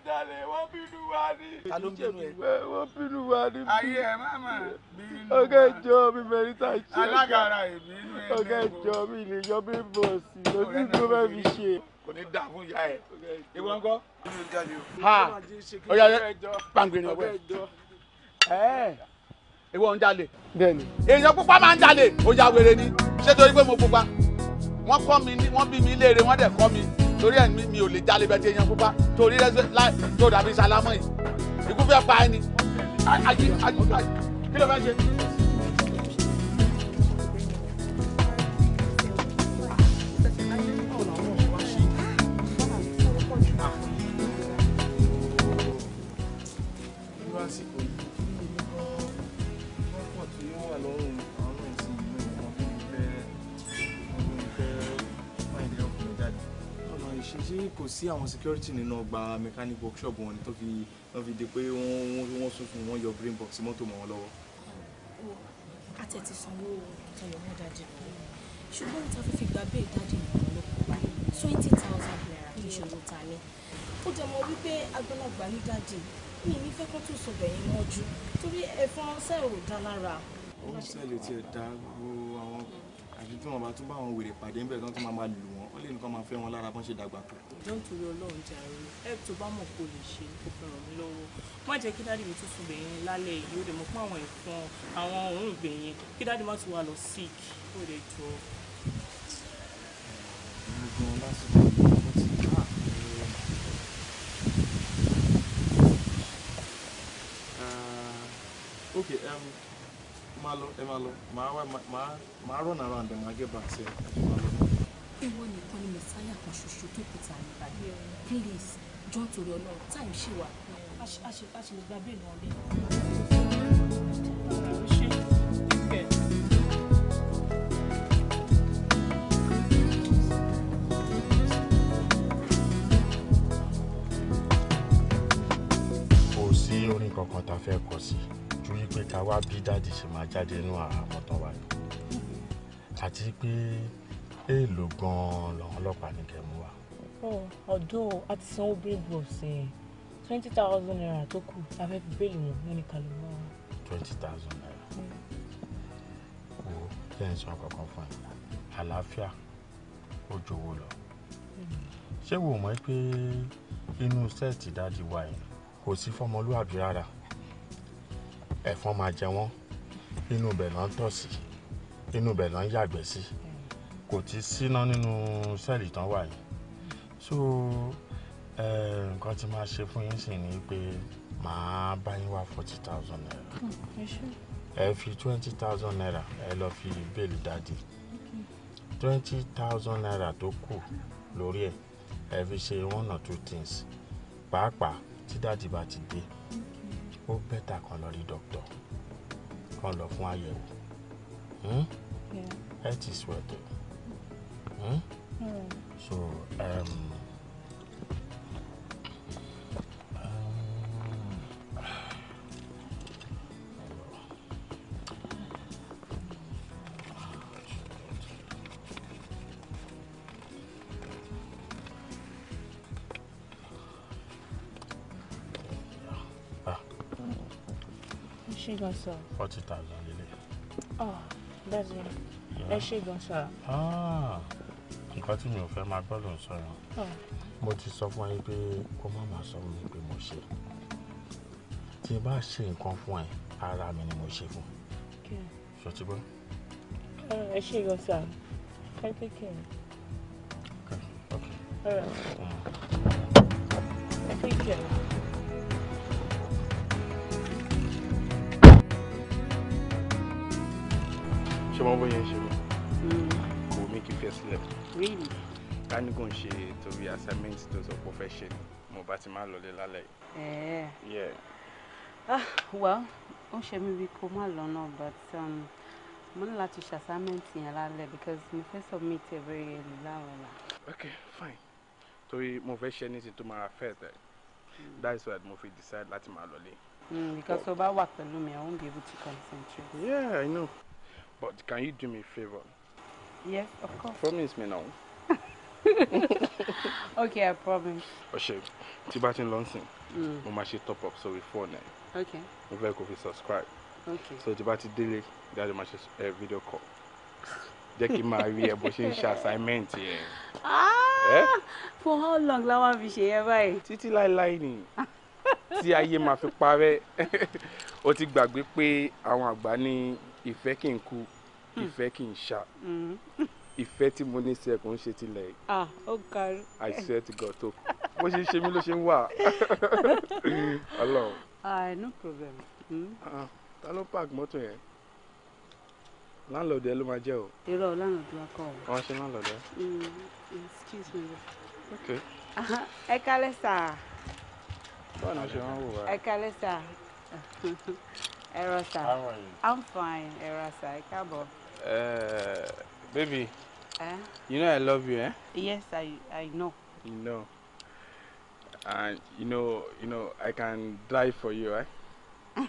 wọ́n bínú wa ní. ta ló bínú ẹ. wọ́n bínú wa ní. ayé ẹ má mà bínú wa. ọgá ìjọ mi mẹ́ríta ṣe. alágara ìbínú ẹ. ọgá ìjọ mi lè yọ bí bọ̀ọ̀sì lójú tó bẹ́ẹ̀ fi ṣe. kò ní dà fún ìyá ẹ. ìwọ ń kọ́. ha ọ̀yà pàǹgbé ni ọ̀gbẹ́. ìwọ ń jalè. èèyàn pupa máa ń jalè ó ya wèrè ni ṣé torí pé mo pupa wọ́n kọ́ mi wọ́n bí mi léèrè wọ́n dẹ̀ kọ́ mi torí ẹ̀ mi ò lè jalè bẹ́ẹ̀ tí èèyàn pupa torí rẹ́ láì tó dàbí sálámọ́ yìí ikú fẹ́ pa ẹni. kí ló fẹ́ ṣe. tí àwọn security nínú ọgbà mechanic workshop wọn ni tó fi wọ́n fi di pé wọ́n wọ́n sún fún wọn yọ brain box mọ́tò mọ́ wọn lọ́wọ́. àti ẹ̀ ti sanwó ìtọ́yọ̀ wọn dájú ṣùgbọ́n ìta fífi gba bẹ́ẹ̀ dájú ìmọ̀ràn ló kó bá twenty thousand naira kì í ṣe owó ta ní. ó jẹ́ mọ́ wípé agbọ́nàgbà ní dájú mi ní fẹ́ kó tún sọ bẹ̀yìn mọ́jú torí ẹ̀fọn sẹ́ẹ̀rù dá lára. ó ń sẹ́ẹ̀lì tiẹ̀ dá gbogbo àwọn àti tí wọn lè nǹkan máa fẹ́ wọn lára bọ́n ṣe dàgbà tó. ìjọ nítorí ọlọ́run jàre help tó bá mọ̀ kó lè ṣe kó fẹ́ ràn mí lọ́wọ́ má jẹ́ kí dáàdì mi tún sùn bẹ̀yẹn lálẹ́ yìí ó dẹ̀ mọ̀ pé àwọn ẹ̀fọn àwọn òórùn bẹ̀yẹn kí dáàdì má tún wà lọ sick ó dẹ̀ jọ. Ah, eh, ok um, máa lọ ẹ máa lọ máa run around ẹ máa get back sí máa lọ ìwọ nìkan ni mẹsáyà kan ṣoṣo tó kù tà nípa please jọ torí Ọlọ́run time ṣì wà. a ṣe a ṣe gbàgbé ìlànà bẹ́ẹ̀. orin kankan tá fẹ́ kọ sí ju wípé ká wá bí dáàdì ṣe máa jáde nínú àhámọ́ tán wá ni àti pé èèlò gan-an làwọn ọlọ́pàá ní kẹ́mú wa. Oh, ọ̀dọ́ a ti sanwó bíríìlì ọ̀sẹ̀ twenty thousand naira tó kù la fẹ́ fi bíríìlì wọn lónìí kalẹ̀ wá. twenty thousand naira hmm. wo lẹ́yìn sọ àkọ́kọ́ fún ẹ àlàáfíà ó jowó lọ hmm. ṣé wò mọ̀ pé inú sẹ́ẹ̀tì dájú wa yìí kò sí fọmọlúwàbí rárá ẹ̀fọn máa jẹ wọ́n inú ibẹ̀ ló tọ̀ sí inú ibẹ̀ ló yàgbẹ́ sí. Si kò ti síná nínú sẹ́ẹ̀lì tán wà yìí so nǹkan tí máa ṣe fún yín sì ni pé màá bá yín wá forty thousand naira hmm, ẹ fi twenty thousand naira ẹ lọ fi bẹ́ẹ̀lì dáàdì twenty thousand naira tó kù lórí ẹ ẹ fi ṣe one or two things pàápàá tí dáàdì bá ti dé ó bẹ́tà kan lọ rí dọ́kítọ̀ kan lọ fún àyẹ̀wò ẹ ti sùn ẹ̀tẹ̀. Hmm? Mm. So, um, um, ah. She got so. Forty thousand, Lily. Oh, ah, that's it. Yeah. She got so. Ah nǹkan tí mi ò fẹ́ máa gbọ́ ló ń sọ yẹn mo ti sọ fún ẹ pé kó má máa sọ mi pé mo ṣe tí bá ṣe nǹkan fún ẹ ara mi ni mo ṣe fún ṣọtí bọ́. ẹ ṣe yọ sá ẹ tẹ kẹ ẹ. ẹ tẹ ṣé wọ́n mm. bóyá ṣe wọ́n ọ́fíìsì really. ká ní kò ń ṣe torí assignment to sọ profession? mo bá ti máa lọlé lálẹ́ yìí. Eh. yeah. ah well ó ṣe mí bí kó má lọ náà but um, mo ní láti ṣe assignment yẹn lálẹ́ because mo fẹ́ submit ẹ̀ very early láwọ̀lá. ok fine torí mo fẹ́ ṣe anything my máa affect ẹ̀ hmm. that is why mo fi decide láti máa lọlé. Mm, because tó bá wà pẹ̀lú mi I won't be able to concentrate. yeah I know but can you do me a favour Yes, of course. Promise me now. [LAUGHS] okay, I promise. Ọ̀ṣẹ́ tí bá ti ń lọ mm. top up so we phone ẹ̀. Okay. We fẹ́ kó fi subscribe. Okay. So tí bá ti délé, dáadé máa ṣe eh, video call. Jackie kí but she rí ẹ bó ṣe ń assignment yẹn. Ah! Eh? For how long la wá fi ṣe yẹn báyìí? Títí láéláé ni tí ayé máa fi parẹ́. O [LAUGHS] ti gbàgbé pé àwọn àgbà ní ìfẹ́ kì í Hmm. ìfẹ́ kì í ṣá hmm. ìfẹ́ tí mo ní sí ẹ̀ ń ṣe tilẹ̀ yìí. ah ó kárí. I swear to God tó bó ṣe ń ṣe mí ló ṣe ń wà. [LAUGHS] Ọlọ́run. ah no problem. Hmm. Ah, ta ló park mọ́tò yẹn láńlọ́ọ̀dù ẹ ló máa jẹ́ o. irọ́ láńlọ́ọ̀dù wa kọ́ ọ. wọ́n ṣe láńlọ́ọ̀dù ẹ. excuse me. ok. ẹ kálẹ́ sà. báwo ni wọ́n ṣe wọ́n wò wá. ẹ kálẹ́ sà. [LAUGHS] ẹ rọ sà. I'm fine ẹ rọ sà ẹ káàbọ̀. Uh, baby. Eh? You know I love you, eh? Yes, I I know. You know. And you know, you know, I can drive for you, eh? [LAUGHS]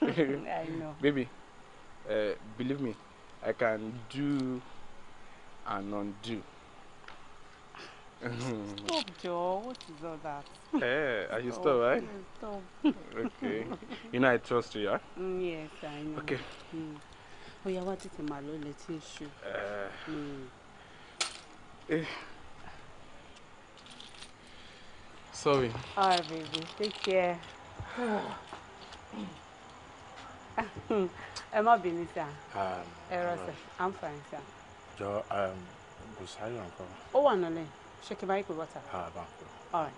I know. Baby, uh, believe me, I can do and undo. stop, Joe. What is all that? Hey, [LAUGHS] eh, are you stop, still right? Stop. okay. You know I trust you, yeah? Mm, yes, I know. Okay. Mm. ó yá wá tètè máa lọ ilẹ̀ tí ń ṣu. Eh. Eh. sorry. all right baby take care. [SIGHS] ẹ má bínú sá um, ẹ rọ sá i'm fine sá. jọ Busayo um, nǹkan. ó wà nílẹ̀ ṣé kí n bá yí pé wọ́tà. all right.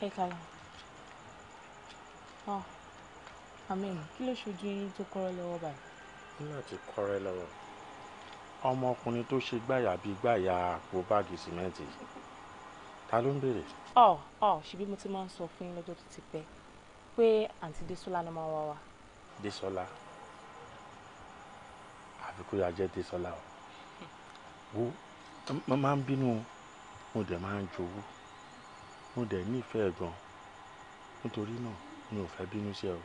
ẹ kàlà ọ amen kí ló ṣojú yín tó kọ́rọ́ lọ́wọ́ báyìí. nígbà tí kọ́rẹ́ lọ́wọ́ ọmọkùnrin tó ṣe gbàyà bíi gbàyà àpò báàgì sìmẹ́ǹtì ta ló ń béèrè. ọ oh, ọ oh, ṣebí mo ti máa ń sọ fún yín lọ́jọ́ tó ti pẹ́ pé àǹtí Désọ́lá ló máa wá wa. Désọ́lá àfi yà jẹ́ Désọ́lá o [LAUGHS] wo mo máa ń bínú mo dẹ̀ máa ń jowú mo dẹ̀ nífẹ̀ẹ́ gan. Nítorí náà mi ò fẹ́ bínú sí ẹ o.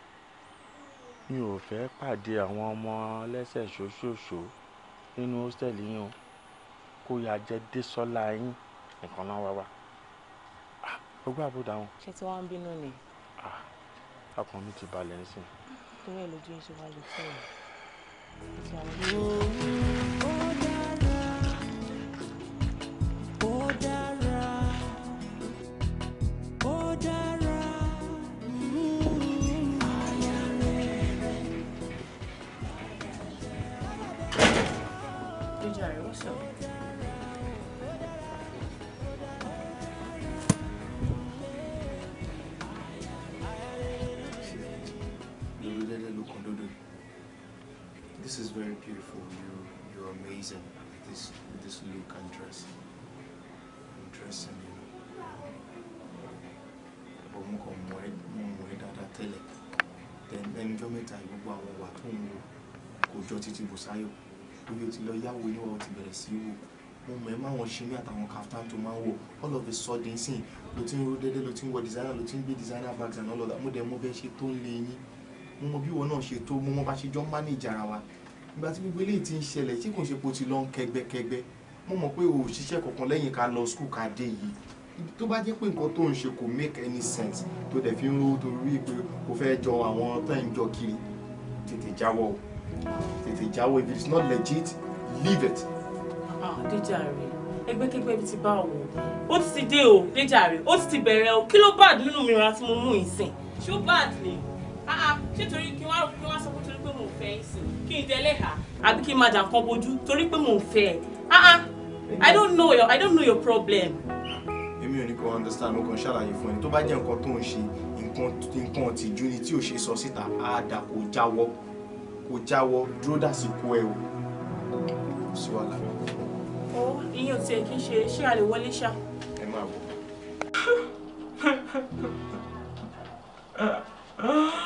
Mi ò fẹ́ pàdé àwọn ọmọ ẹlẹ́sẹ̀ ṣoṣooṣo nínú hostel yín o. Kó ya jẹ́ Désọ́lá yín nìkan náà wá wá. Ah! O gbọ́ àbò dáhùn. Ṣé tí wọ́n ń bínú ni? Ah, ọkàn mi ti balẹ̀ nísìnyí. Torí ẹ lójú yín ṣe wá le tó yẹn. ìjọ títí Bùsáyọ̀ lórí o ti lọ yáwó ilé wa o ti bẹ̀rẹ̀ sí í wò mo mọ̀ ẹ́ máwọn ṣe mí àtàwọn kaftan tó máa ń wò all of a sudden sin ló ti ń ro dédé ló ti ń wọ designer ló ti ń gbé designer bags and all of that mo dẹ̀ mo bẹ́ẹ̀ ṣe tó ń lé yín mo mọ bí ìwọ náà ṣe tó mo mọ bá ṣe jọ manage ara wa ìgbà tí gbogbo eléyìí ti ń ṣẹlẹ̀ tí kò ṣe po ti lọ ń kẹgbẹ́kẹgbẹ́ mo mọ̀ pé o ò ṣiṣẹ́ kankan lẹ́yìn ká lọ school ká dé yìí tó bá jẹ́ pé nǹkan tó ń ṣe kò make any sense tó dẹ̀ fi ń ro torí pé kò fẹ́ jọ àwọn tó ń jọ kiri tètè jáwọ́ o tètè jáwọ́ if it's not legit leave it. Ah, déjà rè ẹgbẹ́kẹ́gbẹ́ bíi ti bá wò ó ti ti dé o déjà rè ó ti ti bẹ̀rẹ̀ o kí ló bad nínú mi ra tí mo mú ìsìn ṣó bad ni ah, ah. ṣé torí kí wọ́n kí wọ́n sọ pé torí pé mò ń fẹ́ ìsìn kí n tẹ́lẹ̀ ha àbí kí n máa jàǹkan bojú torí pé mò ń fẹ́ ẹ̀ I don't know your I don't know your problem. èmi ò ní kò understand mo kàn ṣàlàyé fún ẹni tó bá jẹ́ nǹkan tó ń ṣe nǹkan tìjú ni tí ò ṣe sọ síta á jáwọ́ kò jáwọ́ dúró dàsìkò ẹ o sí wàhálà. ó ìyẹn ò tiẹ̀ kí n ṣe ṣé a lè wọlé ṣá. ẹ máa wọ. Ha ha ha ha ha.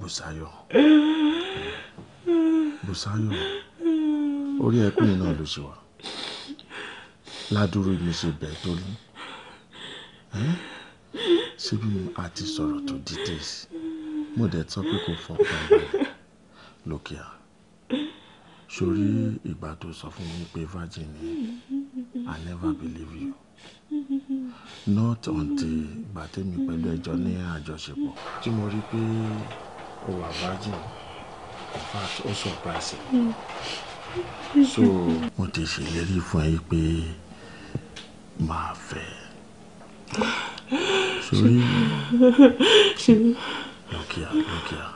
Busayo, busayo. orí ẹkún yìí náà ló ṣe wá ládùúró mi ṣe bẹ́ẹ̀ tó ní síbí a sọ̀rọ̀ tó details mo dẹ̀ tán pé kò fọkàn rẹ̀ lókè à sórí ìgbà tó sọ fún mi pé virgin ni I never believe you not until ìgbà tẹ́mi pẹ̀lú ẹjọ́ ní àjọṣepọ̀ tí mo rí pé o wà virgin in fact ó surprise so mo ti ṣèlérí fún ẹ pé máa fẹ́ sórí lókìá lókìá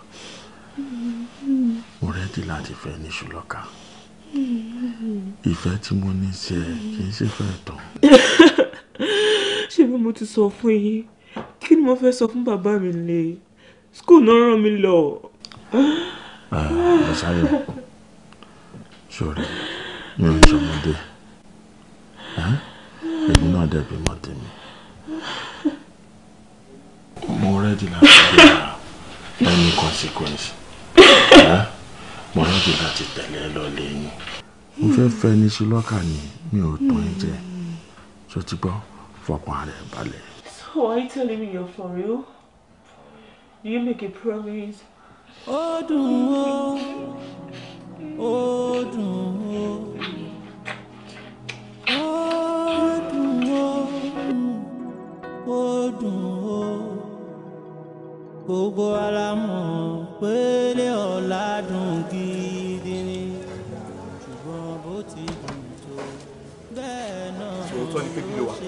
mo rẹ́dí láti fẹ́ ní ṣùlọ́ka ìfẹ́ tí mo ní sí ẹ kì í ṣe fẹ́ tán ṣé bí mo ti sọ fún yín kí ni mo fẹ́ sọ fún bàbá mi lè skul náà ràn mí lọ. Bàṣáyọ̀ ah, sọ̀rọ̀ mi ò sọmọdé èmi náà dẹ̀ bímọ tèmi mo rẹ́dí láti gbé any consequence mo rẹ́dí láti tẹ̀lé ẹ lọ lẹ́yìn mo fẹ́ fẹ́ ní sí lọ́kàn ni mi ò tán ẹ jẹ́ tó ti gbọ́ fọkàn rẹ̀ balẹ̀. So are you telling me you're for real? Do you make a promise? ó dùn ó ó dùn ó ó dùn ó ó dùn ó gbogbo ara mọ̀ pélé ọ̀la dùn gidi ni ṣùgbọ́n bó ti dùn. So Tony Pepilowa.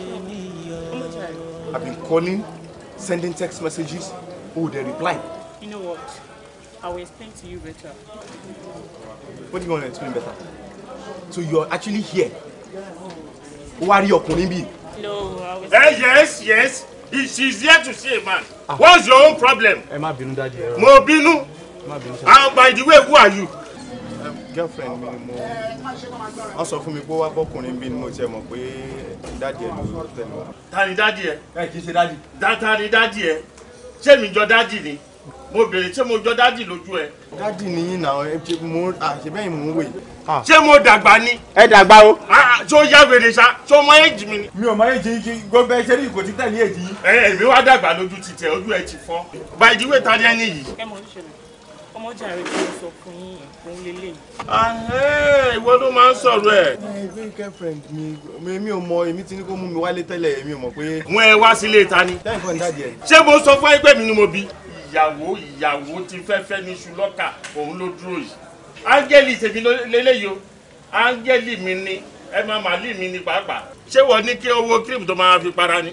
I've been calling, sending text messages. Oh, they replied. You know what? I will explain to you better. What do you want to explain better? So you're actually here. Who are you calling me? No, I was. Hey, eh, yes, yes. She's here to see a man. Ah. What's your own problem? Ẹ má bínú, Daddy. Ah, by the way, who are you? girlfriend mi ni mo wọ́n sọ fún mi pé ó wá bọ́kùnrin bí mo tiẹ̀ mọ̀ pé dáàdì ẹ̀ ló tẹ̀lé wa. ta ni dáàdì ẹ. ẹ kì í ṣe dáàdì. ta ni dáàdì ẹ ṣé mi jọ dáàdì ni mo béèrè ṣé mo jọ dáàdì lójú ẹ. dáàdì nìyí náà mo àṣebẹ́yìn mò ń wè. ṣé mo dàgbà ni. ẹ dàgbà o. ṣó yá wèrè ṣá ṣó mọ èjì mi ni. mi ò mọ èjì yìí gbogbo ẹ ṣe ní ìkò títà ní èjì yìí. ẹ èmi wá dàgbà lójú ti ojú ẹ ti fọ́. bàìdíwé ta ni ẹni yìí ọmọjàre tí mo sọ fún yín òun lélẹ̀. ìwọ ló máa ń sọ̀rọ̀ ẹ̀. ẹgbẹ́ girlfriend mi èmi ò mọ èmi ti ní kó mú mi wálé tẹ́lẹ̀ èmi ò mọ̀ pé. wọn ẹ wá sílé ta ni. ṣé mo sọ fún ẹgbẹ́ mi ni mo bí. ìyàwó ìyàwó ti fẹ́fẹ́ ní iṣu lọ́kà òun ló dúró yìí. áńgẹ́lì tèmi lélẹ́yìí o áńgẹ́lì mi ni ẹ máa màálì mi ni pàápàá. ṣé wọ́n ní kí owó kírìm tó máa fi para ni.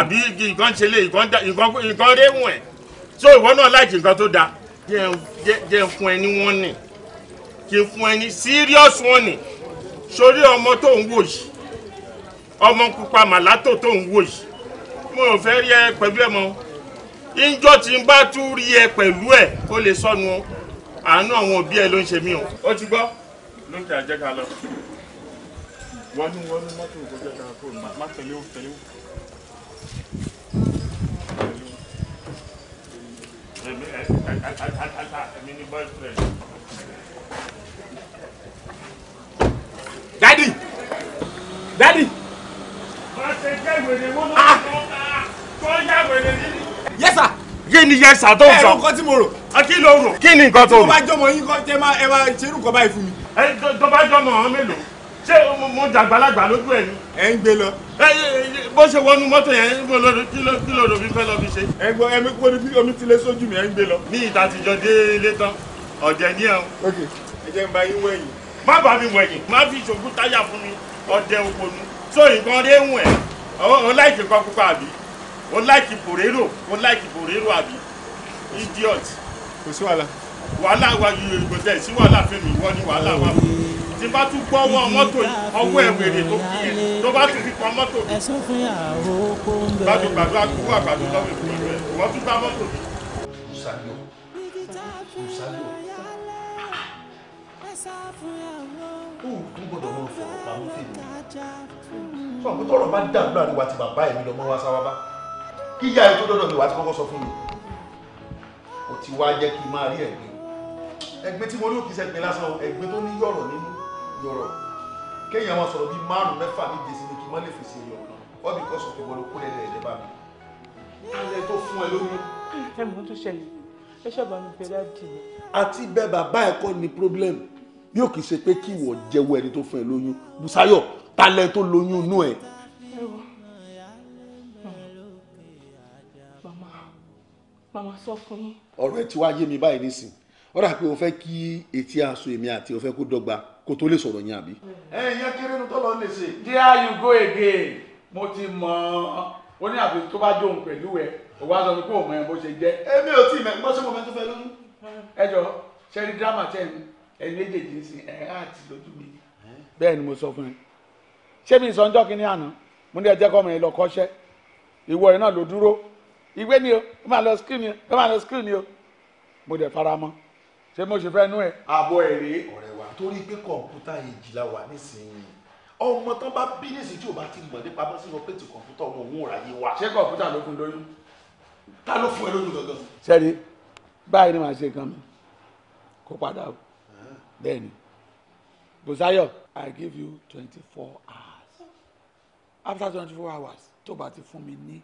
àbí nǹkan ṣe lé nǹkan rẹ̀ wọ̀n ẹ̀ so ìwọ náà láìsí nǹkan tó dáa jẹ́ ń fún ẹ ní warning kí n fún ẹ ní serious warning sórí ọmọ tó ń wò yìí ọmọ pupa màlátò tó ń wò yìí mo ò fẹ́ rí ẹ pẹ̀lú ẹ mọ́ ìjọ́ tí n bá tún rí ẹ pẹ̀lú ẹ kó lè sọnù o àánú àwọn òbí ẹ ló ń ṣe mí o. ó ti gbọ́ ló ń tẹ àjẹká lọ wọnú wọnú mọ́tò kó jẹ́ má tẹ̀lé ó tẹ̀lé ó. Daddy, dadi. Ah! yẹ́sà. kí ni yẹ́sà tó ń sọ. ẹ̀rọ nǹkan tí mo rò. Ah, kí ló rò. kí ni nǹkan tó rò. tó bá jọmọ yín kọ́ tẹ́ ẹ máa ṣerú kọ́ báyìí fún mi. ẹ tó bá jọmọ ọ mélòó ṣé mo dàgbàlagbà lójú ẹ ni. ẹ ń gbé lọ. bó ṣe wọnú mọ́tò yẹn kí ló lò fi fẹ́ lọ fi ṣe. ẹ gbọ́ ẹmi kó ní omi ti lé sójú mi ẹ ń gbé lọ. ní ìta àtijọ́ dé ilé tán ọ̀dẹ̀ ní ẹ̀ o. ok ẹ jẹ́ n bá yín wẹ̀yìn. má bàa mi wẹ̀yìn má fi ṣògùn táyà fún mi ọ̀dẹ̀ òpònú tó nǹkan dé ń wẹ̀ o láìkì kan púpọ̀ àbí o láìkì pòrérò o láìkì pòrérò àbí idiot. kò sí wàhálà. wàhálà wa yìí òyìnbó tẹ̀ sí wàhálà fẹ́mi ìwọ ni wàhálà wa fún mi tí bá tún gbọ́ ọwọ́ mọ́tò ọwọ́ ẹ̀wèrè tó kí ẹ̀ tó bá tún fi pa mọ́tò mi. gbàdúrà gbàdúrà kúrò àgbàdo lọ́wọ́ ìpínlẹ̀ rẹ̀ wọ́n tún gbá mọ́tò mi. Musayo Musayo ó tún gbọ́dọ̀ mọ́ fọ̀rọ̀ pamọ́ fèmí sọ bá dàgbà ni wàá ti bàbá ẹ̀mí lọ mọ́ wá sáwá bá kí ìyá ẹ̀ tó dọ́dọ̀ mi wàá ti kọ́kọ́ sọ fún mi ó ti wá jẹ́ kí n máa rí ẹ̀gbin ẹ̀gbin tí mo ní òkè sẹ́gbin lásán ẹ̀gbin tó ní yọ̀rọ̀ nínú lójú ọ̀rọ̀ kéèyàn máa sọ̀rọ̀ bíi márùn mẹ́fà méje sí ni kí wọ́n lè fèsì èèyàn kan wọ́n bí kọ́sùn tó wọ́n ló kó lẹ́lẹ́ ẹ̀dẹ́ bá mi. alẹ́ tó fún ẹ lóyún. ẹ mọ̀ tó ṣẹlẹ̀ ẹ ṣàbà mi bẹ̀rẹ̀ àdì àti bẹ́ẹ̀ bàbá ẹ̀ kọ́ ni problem yóò kì í ṣe pé kí ìwọ jẹ́wọ́ ẹni tó fún ẹ lóyún Bùsáyọ̀ talẹ̀ tó lóyún inú ẹ̀. màmá màmá sọ fún yín. ọ̀rọ̀ ẹ ti wá yé mi báyìí nísìn ó dà pé o fẹ́ kí etí aṣọ èmi àti o fẹ́ kó dọ́gba kó tó lè sọ̀rọ̀ yẹn àbí. ẹ̀yin kéré nu tọ́lọ́ lè ṣe. there you go again mo ti mọ̀ ọ́ ó ní àfi tó bá jóun pẹ̀lú ẹ̀ ó wá sọ pé kó o mọ ẹ bó ṣe jẹ́. èmi ò tí ì mẹ́gbọ́n sí mo fẹ́ tó fẹ́ lóyún. ẹ jọ sẹ́rí dírámà tẹ́ ẹ méjèèjì ń sin ẹ̀ áàtì lójú mi. bẹ́ẹ̀ ni mo sọ fún ẹ ṣé mi ìsọ̀njọ́ kìíní àná mo ní ẹjẹ́ kọ́mọ yẹn lọ kọ́ṣẹ́ ìwọ yẹn náà ló dúró ìwé ni o ó máa lọ skul ni o ó máa lọ skul ni o mo dẹ̀ fara mọ́ ṣé mo ṣe fẹ́ nú ẹ. àbọ̀ èrè ọ̀rẹ́ wa torí pé kọ̀ǹpútà èjìlá wà nísìnyí ọmọ tán bá bí nísìnyí tí o bá ti mọ̀ nípa bá sínú pétì kọ̀ǹpútà ọmọ òun ò wa. ṣé kọ̀ǹpútà ló fún lóyún. ta ló fún ẹ lóyún gangan. sẹ́ni báyìí ni màá ṣe kan mi kó padà o bẹ́ẹ̀ ni Bùsáyọ̀ I give you twenty four hours after twenty four hours tó bá ti fún mi ní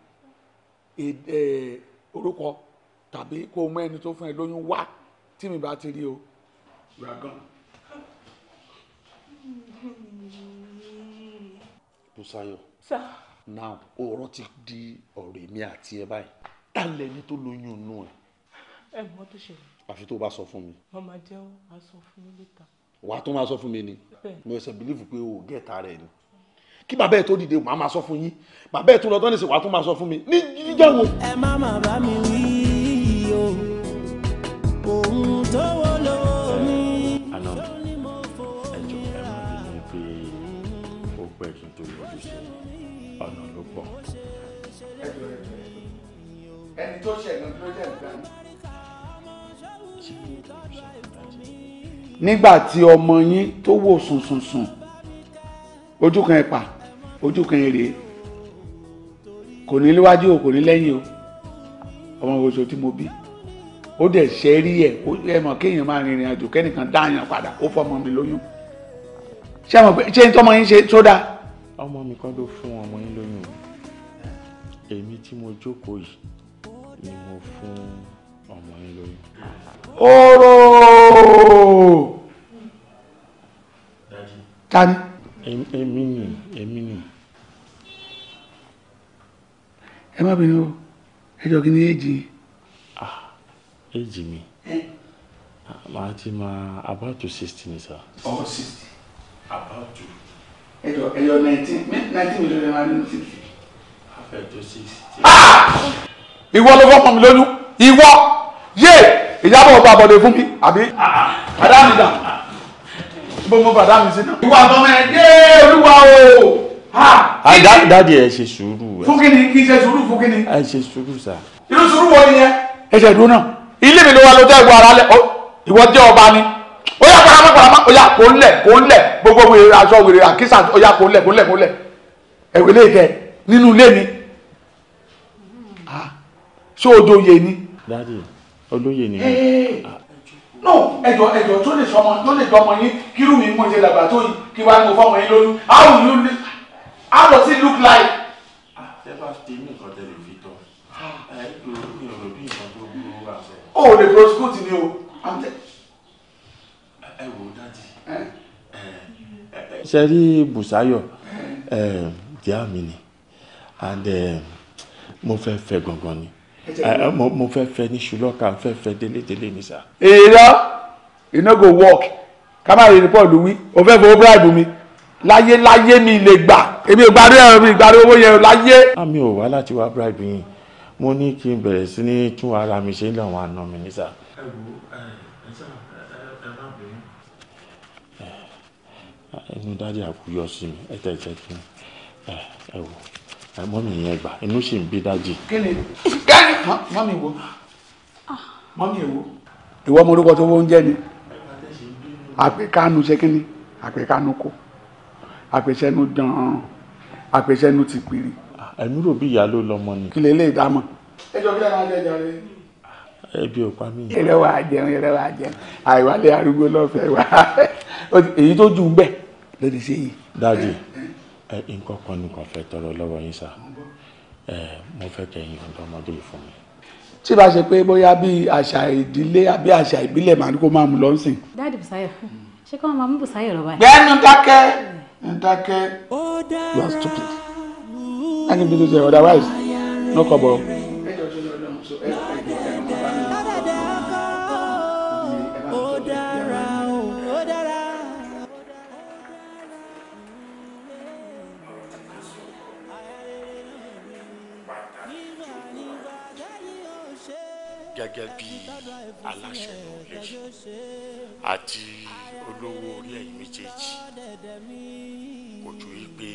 eh, eh, orúkọ tàbí kó mọ ẹni tó fún ẹ lóyún wá tí mi bá ti rí o you are gone. Bùsáyọ̀ now ọ̀rọ̀ ti di ọ̀rọ̀ èmi àti ẹ báyìí dálẹ̀ ní tó lóyún inú ẹ. ẹ mọ tó ṣe. àfi tó o bá sọ fún mi. màmá jẹ́wọ́ a sọ fún mi lẹ́tà. wà á tó máa sọ fún mi ni mo ṣe bìlífù pé o gẹ̀ẹ́ta rẹ̀ ni kí bàbá ẹ̀ tó dìde màá máa sọ fún yín bàbá ẹ̀ tó lọ tán ní wà á tó máa sọ fún mi níjẹ́ wo. ẹ má má bá mi wí yìí o tówó lówó mi. àná ẹjọ ẹ má bínú pé ó pẹ́ kí n tó yọjú sí ọ̀nà ló pọ̀. ẹni tó ṣẹlẹ̀ ló jẹ́ ìgbà nígbà tí ọmọ yín tó wò sùn ojú kan ẹ ojú kan ẹ kò ní níwájú o kò ní lẹ́yìn o ọmọ gbòòso tí mo bí ó dẹ̀ ṣe rí ẹ̀ ó ẹ mọ̀ kéèyàn máa rìnrìn àjò kẹ́nìkan dáàyàn padà ó fọmọ mi lóyún ṣé àwọn pé ṣé tọmọ yín ṣe sódà. ọmọ mi kan ló fún ọmọ yín lóyún èmi tí mo jókòó yìí ni mo fún ọmọ yín lóyún. ooo tani. èmi ni èmi ni. ẹ má bínú o ẹ jọ kí ni èjì yìí éjì mi màá ti máa about to sixty ni sir. ọwọ́ sixty. about to. ẹjọ ẹjọ nineteen nineteen million naira ní sixty. afẹ́ tó sixty. ìwọ ló fọ́pọ̀ mi lóyún ìwọ yé ìyábọ̀ ọba àbọ̀dé fún mi àbí. bàdá mi dà bó mo bàdá mi sí náà. ìwọ àbọ̀ mẹ́rin yé olúwa o. Ah, dáàdi ẹ ṣe sùúrù. fún kí ni kí ṣe sùúrù fún kí ni. ẹ ṣe sùúrù sà. irú sùúrù wo ni yẹn. ẹ ṣe dúró náà ilé mi ló wà lọ́jọ́ ìwọ ara lẹ ìwọ jẹ́ ọba ni ó yà parama parama ó yà kó lẹ̀ kó lẹ̀ gbogbo wèrè aṣọ wèrè àkísà ó yà kó lẹ̀ kó lẹ̀ kó lẹ̀ ẹ̀wẹ̀ lè kẹ nínú ilé mi ah, ṣé odò yé ni. dáàdì olóyè ni. no ẹjọ ẹjọ tó lè sọmọ tó lè dọmọ yín kírú mi mo ṣe dàgbà tó yìí kí wàá mo fọmọ yín lóyún how you look how does it look like. Ah, ṣé bá tèmi kan tẹ̀lé fi tọ́ ah. ẹ o ò lè prosecute ni o. ẹ wo ó dájú. ṣe rí Bùsáyọ̀ díà mi ni and um, mo fẹ́ fẹ́ gangan ni mo fẹ́ fẹ́ ní ṣùlọ́ka fẹ́ fẹ́ délédélé ni sá. èèyàn you no go work ká má rí report wí o fẹ́ fowó bribe mi láyé láyé mi lè gbà èmi ò gbàdúrà mi ìgbàdúrà owó yẹn láyé. àmì ah, ò wá láti wá bribe yìí mo ní kí n bẹ̀rẹ̀ sí ní tún ara mi ṣe ń làwọn àna mi ní sà. ẹ wo ẹ ẹ sá ẹ má bẹ̀rẹ̀. Eh, inú dáadé àkúyọ sí mi ẹ tẹ̀ jẹ́ kí eh, ẹ wò ẹ eh, mọ́mì yẹn gbà inú sì ń bí dájì. kí wo mọ́mì wo. ìwọ mo lóko tó wọ́n jẹ́ ni àpèkánu ṣe kí àpèkánu kó àpèsẹ́nu dán àpèsẹ́nu ti pèrè ẹ̀mí rò bí ìyá ló lọ́mọ ni. kí lélẹ́yìí dá mọ̀. ẹ jọ bí àwọn ajẹjọ rẹ. ẹbí ò pa mí. ẹrẹ wà á jẹun ẹrẹ wà á jẹun àìwálé arúgbó lọ́fẹ̀ẹ́ wà [LAUGHS] èyí tó jù bẹ́ẹ̀ lórí sí yìí. dájú ẹ nǹkan kan ní kò fẹ́ tọrọ lọ́wọ́ yín sá ẹ mo fẹ́ kẹyìn ọ̀dọ́ ọmọdé yìí fún mi. tí bá ṣe pé bóyá bí àṣà ìdílé àbí àṣà ìbílẹ̀ màá ní kó máa mú lọ́sìn. dáàdì Bùsáyọ̀ ṣé kí wọ́n máa mú Bùsáyọ̀ lọ báyìí. gbẹ́nu dákẹ́ dákẹ́ you are á ní bí tó ṣe otherwise no kọ̀bọ̀. gẹ́gẹ́ bí aláṣẹ ìrọ̀lẹ́ àti olówó orí ẹ̀yìn méjèèjì kò ju wípé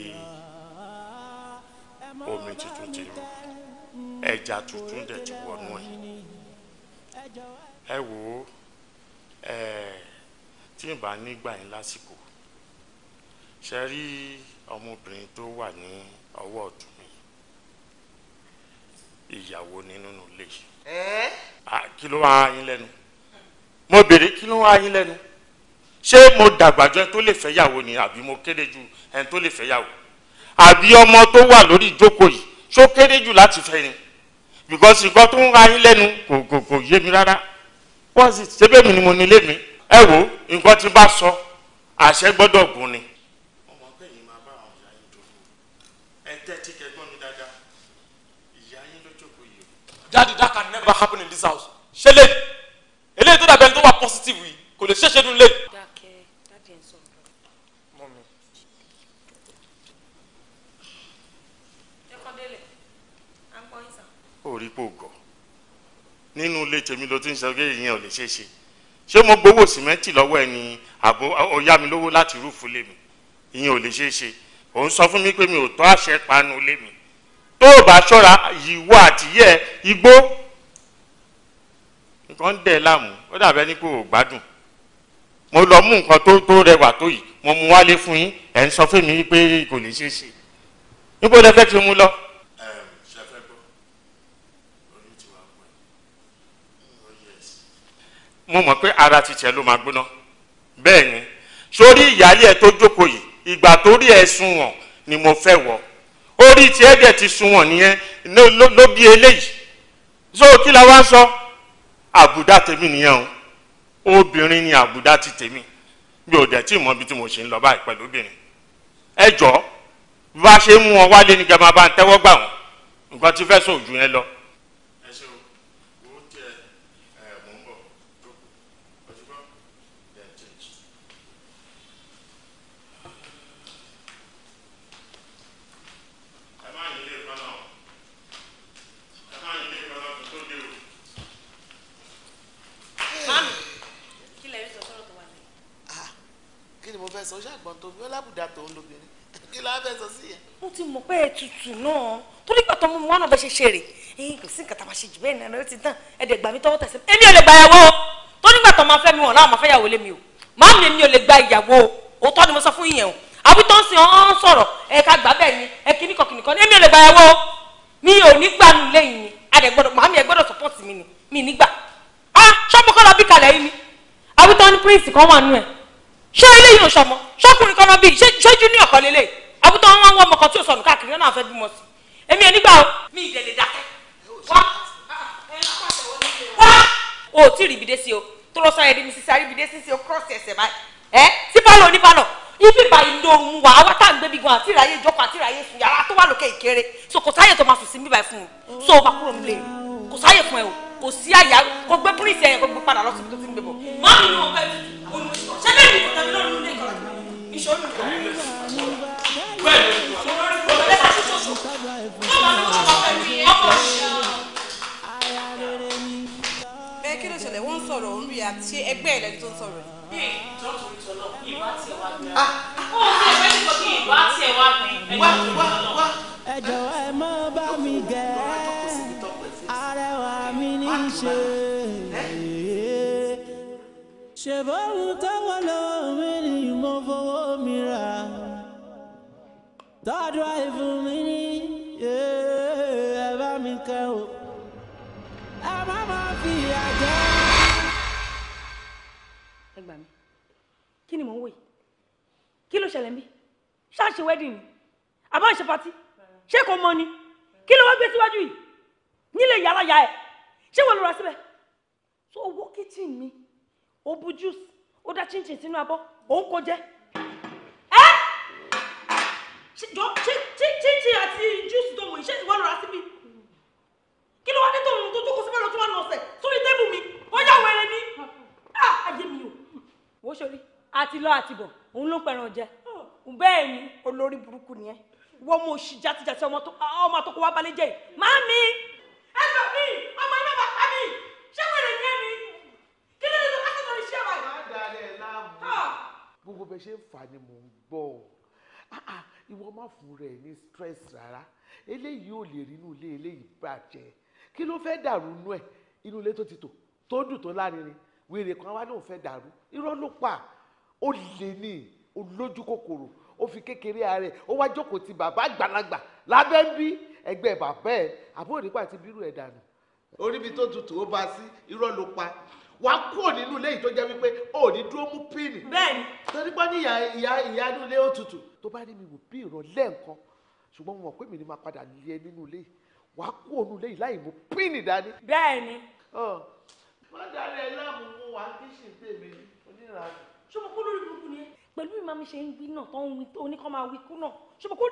omi tuntun ti mu ẹja tuntun dẹ̀ ti wọnú ẹ̀ ẹ wò ó ẹ tí n bá nígbà yín lásìkò ṣe rí ọmọbìnrin tó wà ní ọwọ́ ọ̀tún mi ìyàwó ni nínú ilé yìí. kí ló wáá yín lẹ́nu mo béèrè kí ló wáá yín lẹ́nu ṣé mo dàgbà ju ẹni tó lè fẹ́ yàwó ni àbí mo kéde ju ẹni tó lè fẹ́ yàwó àbí ọmọ tó wà lórí ìjókòó yìí ṣó kéré jù láti fẹ́ ni because nǹkan tó ń ra yín lẹ́nu kò kò kò yé mi rárá what's it mi ni mo ní mi ẹ wo nǹkan tí bá sọ àṣẹ gbọ́dọ̀ gùn ni. ọmọ that can never happen in this house ṣẹlẹ eléyìí tó dàbẹ̀ ẹni tó wà positive yìí kò lè ṣeéṣe nínú lẹ́yìn. kó rí pò gọ̀ nínú ilé tèmi ló ti ń sọ pé ìyẹn ò lè ṣeé ṣe ṣé mo gbowó sìmẹ́ǹtì lọ́wọ́ ẹ ni àbò ọ̀yá mi lówó láti rúfu lé mi ìyẹn ò lè ṣeé ṣe òun sọ fún mi pé mi ò tọ́ àṣẹ panu lé mi tó o bá ṣọ́ra ìwọ àtìyẹ igbó nǹkan ń dẹ̀ láàmú ó dàbẹ́ ní kó o gbádùn mo lọ mú nǹkan tó tó rẹwà tó yìí mo mú wálé fún yín ẹ̀ ń sọ fún mi pé kò lè ṣeé ṣe níbo lẹ fẹ́ fi mú lọ. mo mọ̀ pé ara ti tiẹ̀ ló máa gbóná bẹ́ẹ̀ ni sórí ìyáálé ẹ tó jókòó yìí ìgbà tó rí ẹ sunwọ̀n ni mo fẹ́ wọ̀ orí tiẹ̀ dẹ̀ ti sunwọ̀n nìyẹn ló bí eléyìí so kí la wá sọ àbùdá tèmi nìyẹn o obìnrin ni àbùdá ti tèmi mi ò dẹ̀ tí mọ ibi tí mo ṣe ń lọ báyìí pẹ̀lú obìnrin ẹ jọ bá ṣe mú wọn wálé ní gẹ́gẹ́ bá ń tẹ́wọ́ gbà wọn nǹkan ti fẹ́ sọ ojú yẹn lọ sọ ṣàgbọ́n tó fi ó lábùdá tó ń lóbìnrin kí la fẹ́ sọ sí yẹn. mo ti mọ̀ pé ètùtù náà torí pé ọ̀tọ̀ mo mọ ọ̀nà bẹ́ẹ̀ ṣe ṣe rè é kò sí nǹkan tá a máa ṣe jù bẹ́ẹ̀ náà lọ́wọ́ ti tán ẹ̀dẹ̀ gbà mí tọwọ́ tẹ̀sẹ̀ èmi ò lè gba ìyàwó o tó nígbà tó máa fẹ́ mi wọn láwọn máa fẹ́ yàwó lé mi o máa mi èmi ò lè gba ìyàwó o òótọ́ ni mo sọ fún ìyẹn o àbí tó ń sin ọ́n sọ̀rọ̀ ẹ̀ ká gbà bẹ́ẹ̀ ni ẹ̀ kíní kọ̀kìnì kan èmi ò lè gba ìyàwó o mi ò ní gbà nù lẹ́yìn ni adẹ̀ gbọ́dọ̀ màmí ah ṣọ́mọkọ́lá bí kalẹ̀ yìí ni àbí tó ń ní prince kan wà nù ẹ̀ ṣé ṣọkùnrin kan náà bíi ṣé junior kan lélẹ̀ àbútọ́ wọn wọ́n ọmọ tí ò sọnù káàkiri náà fẹ́ bímọ sí èmi ẹ̀ nígbà o mi ì dẹ̀lẹ̀ dákẹ́ wá wá o ò tí ì rìbìdé sí o tó lọ sọ̀rọ̀ ẹ̀dínmí sísè àríbìdé sísè o cross ẹsẹ̀ báyìí ẹ̀ sí pálọ̀ ní pálọ̀ ibi báyìí lóorun wà wá tá à ń gbé bigun àti ìráyè ìjọkọ̀ àti ìráyè sùn yàrá tó wà lókè ìkéré so kò sáyè tó máa sùn sí bíbáyìí fún un so o máa kúrò nílé kò sáyè fún ẹ o kò sí àyà kò gbé pírísì ẹ̀yẹ kò gbé padà lọ síbi tó ti ń gbé bọ̀. má mi ni wọn fẹ́ ṣẹ́fẹ́ mi kò tẹ̀lé lọ́rùn nílé ìkọ̀rọ̀ ìṣòro ìgbà yẹn bẹ́ẹ̀ ni ọ̀rẹ́ bá ti ṣoṣo ọmọ mi wọ́n kọ́ pẹ̀lú ìyẹn ọmọ ṣe. bẹ́ẹ̀ kí ló ṣẹlẹ̀ wọ́n ń sọ̀rọ̀ òun rí àti ṣé ẹgbẹ́ ẹ̀ lẹ́ni tó ń sọ̀rọ̀ yìí. ìjọ́tò ìtọ́lọ́ ìbá tiẹ̀ wá bí. Ah. ó ń ṣe ìfẹ́ nípa kí ìbá tiẹ̀ wá bí ẹgbẹ́ ìtọ́lọ́. ẹ jọ̀wọ́ ẹ má bá mi gẹ̀ ẹ́ arẹwà mi ní í ṣe ṣèbọ́rùn táwọn lọ́wọ́ mi ni mo fowó mi rà tọ́jú àìfún mi ní eh, ẹ bá mi kẹ́ o ẹ má má fi ìyà jẹ. ẹ gbà mí kí ni mò ń wò yìí kí ló ṣẹlẹ̀ ń bí wẹ́dìn ni àbá ṣe patí ṣé kò mọ ni kí ló wá gbé síwájú yìí nílé yàrá yà ẹ ṣé wọn lọ ra síbẹ̀ tó owó kíchìn mi ó bu juice ó dá chinchin sínú abọ́ òun kò jẹ. ẹ jọ chinchin àti juice tó wọ̀ iṣẹ́ ti wọ́n lọ ra síbi kí ló wá dé tóun tó jókòó síbẹ̀ lọ tó wà nà ọ̀sẹ̀ sórí tébù mi ó yà wẹ̀rẹ̀ mi ah, ayé mi o. wo sori àti lọ àti bọ̀ òun ló ń pẹ̀ràn jẹ oh. bẹ́ẹ̀ ni olórí burúkú ni ẹ wọ́n mo ṣì játijàti ọmọ tó kọ́ wá balẹ̀ jẹ́ yìí máa gbogbo bẹ ṣe ń fà ni mò ń gbọ́ ah, ah, ìwọ má fún rẹ ní stress rárá eléyìí ò lè rí inú ilé eléyìí bàjẹ́ kí ló fẹ́ dàrú inú ẹ̀ inú ilé tó ti tò tó dùn tó lárinrin wèrè kan wá lóun fẹ́ dàrú irọ́ ló pa ó lè ní olójú kòkòrò ó fi kékeré ààrẹ ó wá jókòó ti bàbá àgbàlagbà lábẹ́ ń bí ẹgbẹ́ bàbá ẹ̀ àbúrò nípa àti bírú ẹ̀ dànù. orí mi tó tutù ó bá sí irọ́ ló pa wà á kúrò nínú ilé yìí tó jẹ́ wípé o ò ní dúró mú píìnì. bẹ́ẹ̀ni. torí pé ní ìyá ìyá ìyá inú ilé òtútù tó bá ní mi wò bí ìrọ̀ lẹ́ẹ̀kan ṣùgbọ́n mo mọ̀ pé mi ni máa padà lé nínú ilé wà á kúrò nínú ilé yìí láì mú píìnì dání. bẹ́ẹ̀ni. má darí ẹ láàmú mu wà á kí ṣì tèmi onírànà. ṣùgbọ́n kó lórí burúkú ni pẹ̀lú bí màmí ṣe ń wí náà tó ń wí oníkan máa wí kú náà ṣùgbọ́n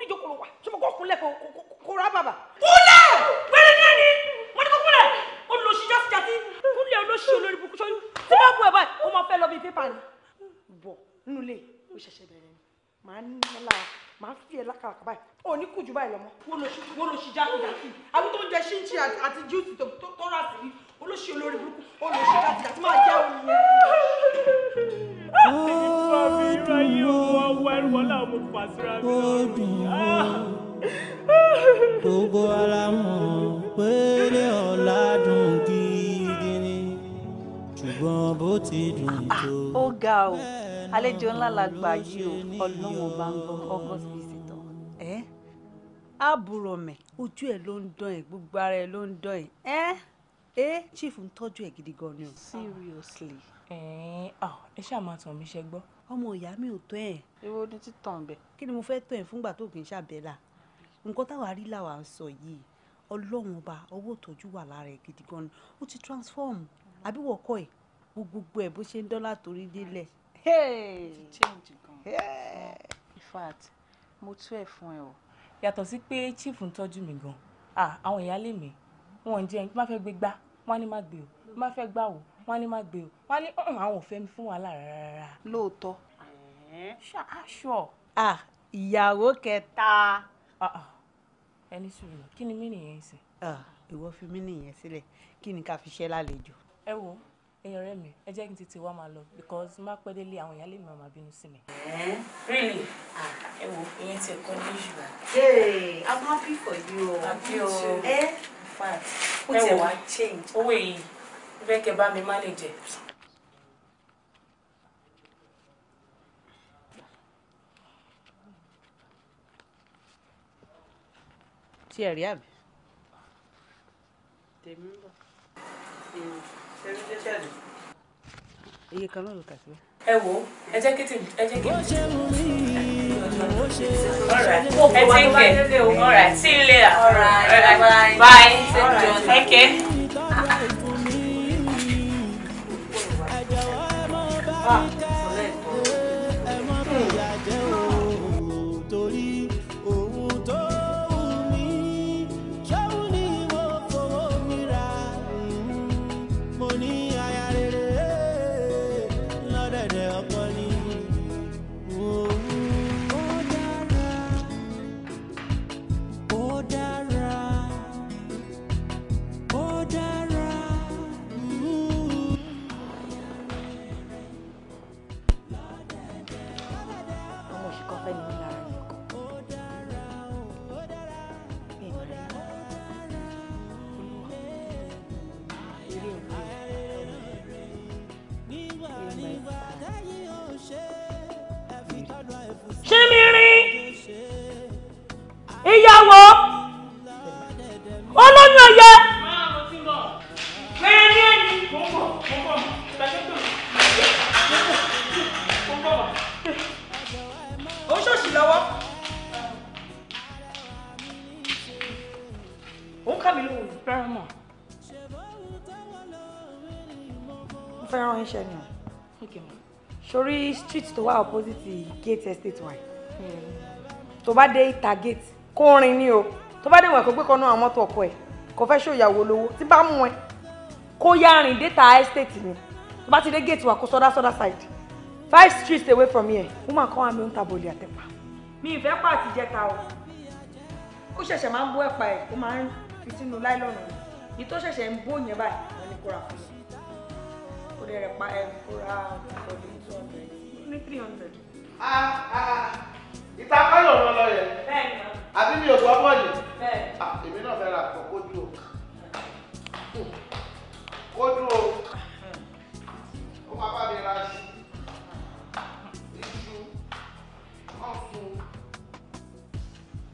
ló ṣe olórí burúkú sórí tí bá bu ẹ̀ báyìí ó máa fẹ́ lọ bí pépà ni. bọ̀ nínú ilé ó ṣẹ̀ṣẹ̀ bẹ̀rẹ̀ ni màá ní ẹ màá fi ẹ lákàràkà báyìí ó ní kùjú báyìí lọ́mọ. wọ́n lọ ṣi jákèjádì àwọn tó ń jẹ ṣíńṣì àti júùsì tó rà sí olóṣì olórí burúkú olóṣì jákèjádì máa jẹ́ òun. Gbogbo ara mọ̀ pé ní ọ̀la dùn bó ti dùn ah, tó. ó ga o àlejò ńlá la gbà yìí o ọlọ́wọ́n bá ń bọ̀ august visitor ẹ́ àbúrọ̀mẹ̀ ojú ẹ̀ ló ń dán ẹ̀ gbogbo ara ẹ̀ ló ń dán ẹ̀ ẹ́ ẹ́ chief ń tọ́jú ẹ̀ gidi gan ni o. seriously. ẹ ṣáà máa tàn mí ṣe gbọ́. ọmọ ìyá mi ò tó ẹ̀. ewo ni títàn bẹ. kí ni mo fẹ́ tó ẹ̀ fúngbà tó kì í ṣàbẹ̀là nǹkan táwa rí làwa ń sọ yìí ọlọ́run ọba ọwọ́ ìtọ́jú wà lára ẹ̀ gidi gan ni ó ti transform àbí wọ́n kọ́ ẹ̀ wo gbogbo ẹ̀ bó ṣe ń dọ́là torí délẹ̀. in fact mo tú ẹ̀ fún ẹ o. yàtọ̀ sí pé chief ń tọ́jú mi gan àwọn ìyáálé mi wọn ń jẹ́ ẹni tí wọ́n fẹ́ gbé gbá wọ́n á ní má gbé o tí wọ́n fẹ́ gbà wò wọ́n á ní má gbé o wọ́n á ní mm, àwọn ò fẹ́ mi fún wàhálà rárá. lóòótọ́ aṣọ. ìyàwó kẹta. ẹni sùúrù kí ni mí nìyẹn sìn. ìwọ fi mí nìyẹn sílẹ̀ kí ni ká fi ṣe lálejò. ẹ wo ẹ̀yin ọ̀rẹ́ mi ẹ jẹ́ kí n tètè wá máa lọ because má pẹ́ délé àwọn ìyáálé mi máa bínú sí mi. really ah, ẹ wo ìyẹn ti ẹ̀kọ́ ní ìṣúra. i'm happy for you o happy o eh? ẹ fat ó tiẹ̀ wá change owó èyí fẹ́ kẹ́ bá mi manage. tí ẹ rí àbí. tèmi ń bọ̀ iye kan náà ló ẹ wo ẹ jẹ́ kí tèmi ẹ jẹ́ kí tèmi. Alright. Oh, I take it. Alright. See you later. Alright. Right. Bye. Bye. Right. Take Ah. sórí street to wà opposite gate estate wa hmm. To bá dé ìta gate kó rin ní o tó bá dé wọn kó gbé kan náà àwọn mọ́tò ọkọ ẹ̀ kó fẹ́ ṣòyàwó lówó tí bá mú ẹ kó yá rìn déta estate ni To bá ti dé gate wa kó sọdá soda side five streets away from here woman kan wà mí ó ń ta bọ̀lì àtẹ̀pà mi ìfẹ́ pa àtijẹta o ó ṣẹ̀ṣẹ̀ máa ń bó ẹ̀pà ẹ̀ ó máa ń fi sínú láìlọ́ọ̀nù yìí tó ṣẹ̀ṣẹ̀ ń bó yẹn báyìí wọn ni kóra fún ó dẹ̀ pa ẹ̀ kó ra ọ̀dọ̀ two hundred ní three hundred. Ah, ah, ah. ìta káyọ̀ lọ lọ yẹ. bẹ́ẹ̀ni ma. àbí mi ò gbọ́ bọ́ọ̀lì. bẹ́ẹ̀ni. èmi náà fẹ́ ra àpò kó dúró kó dúró ó máa bá mi ra sí.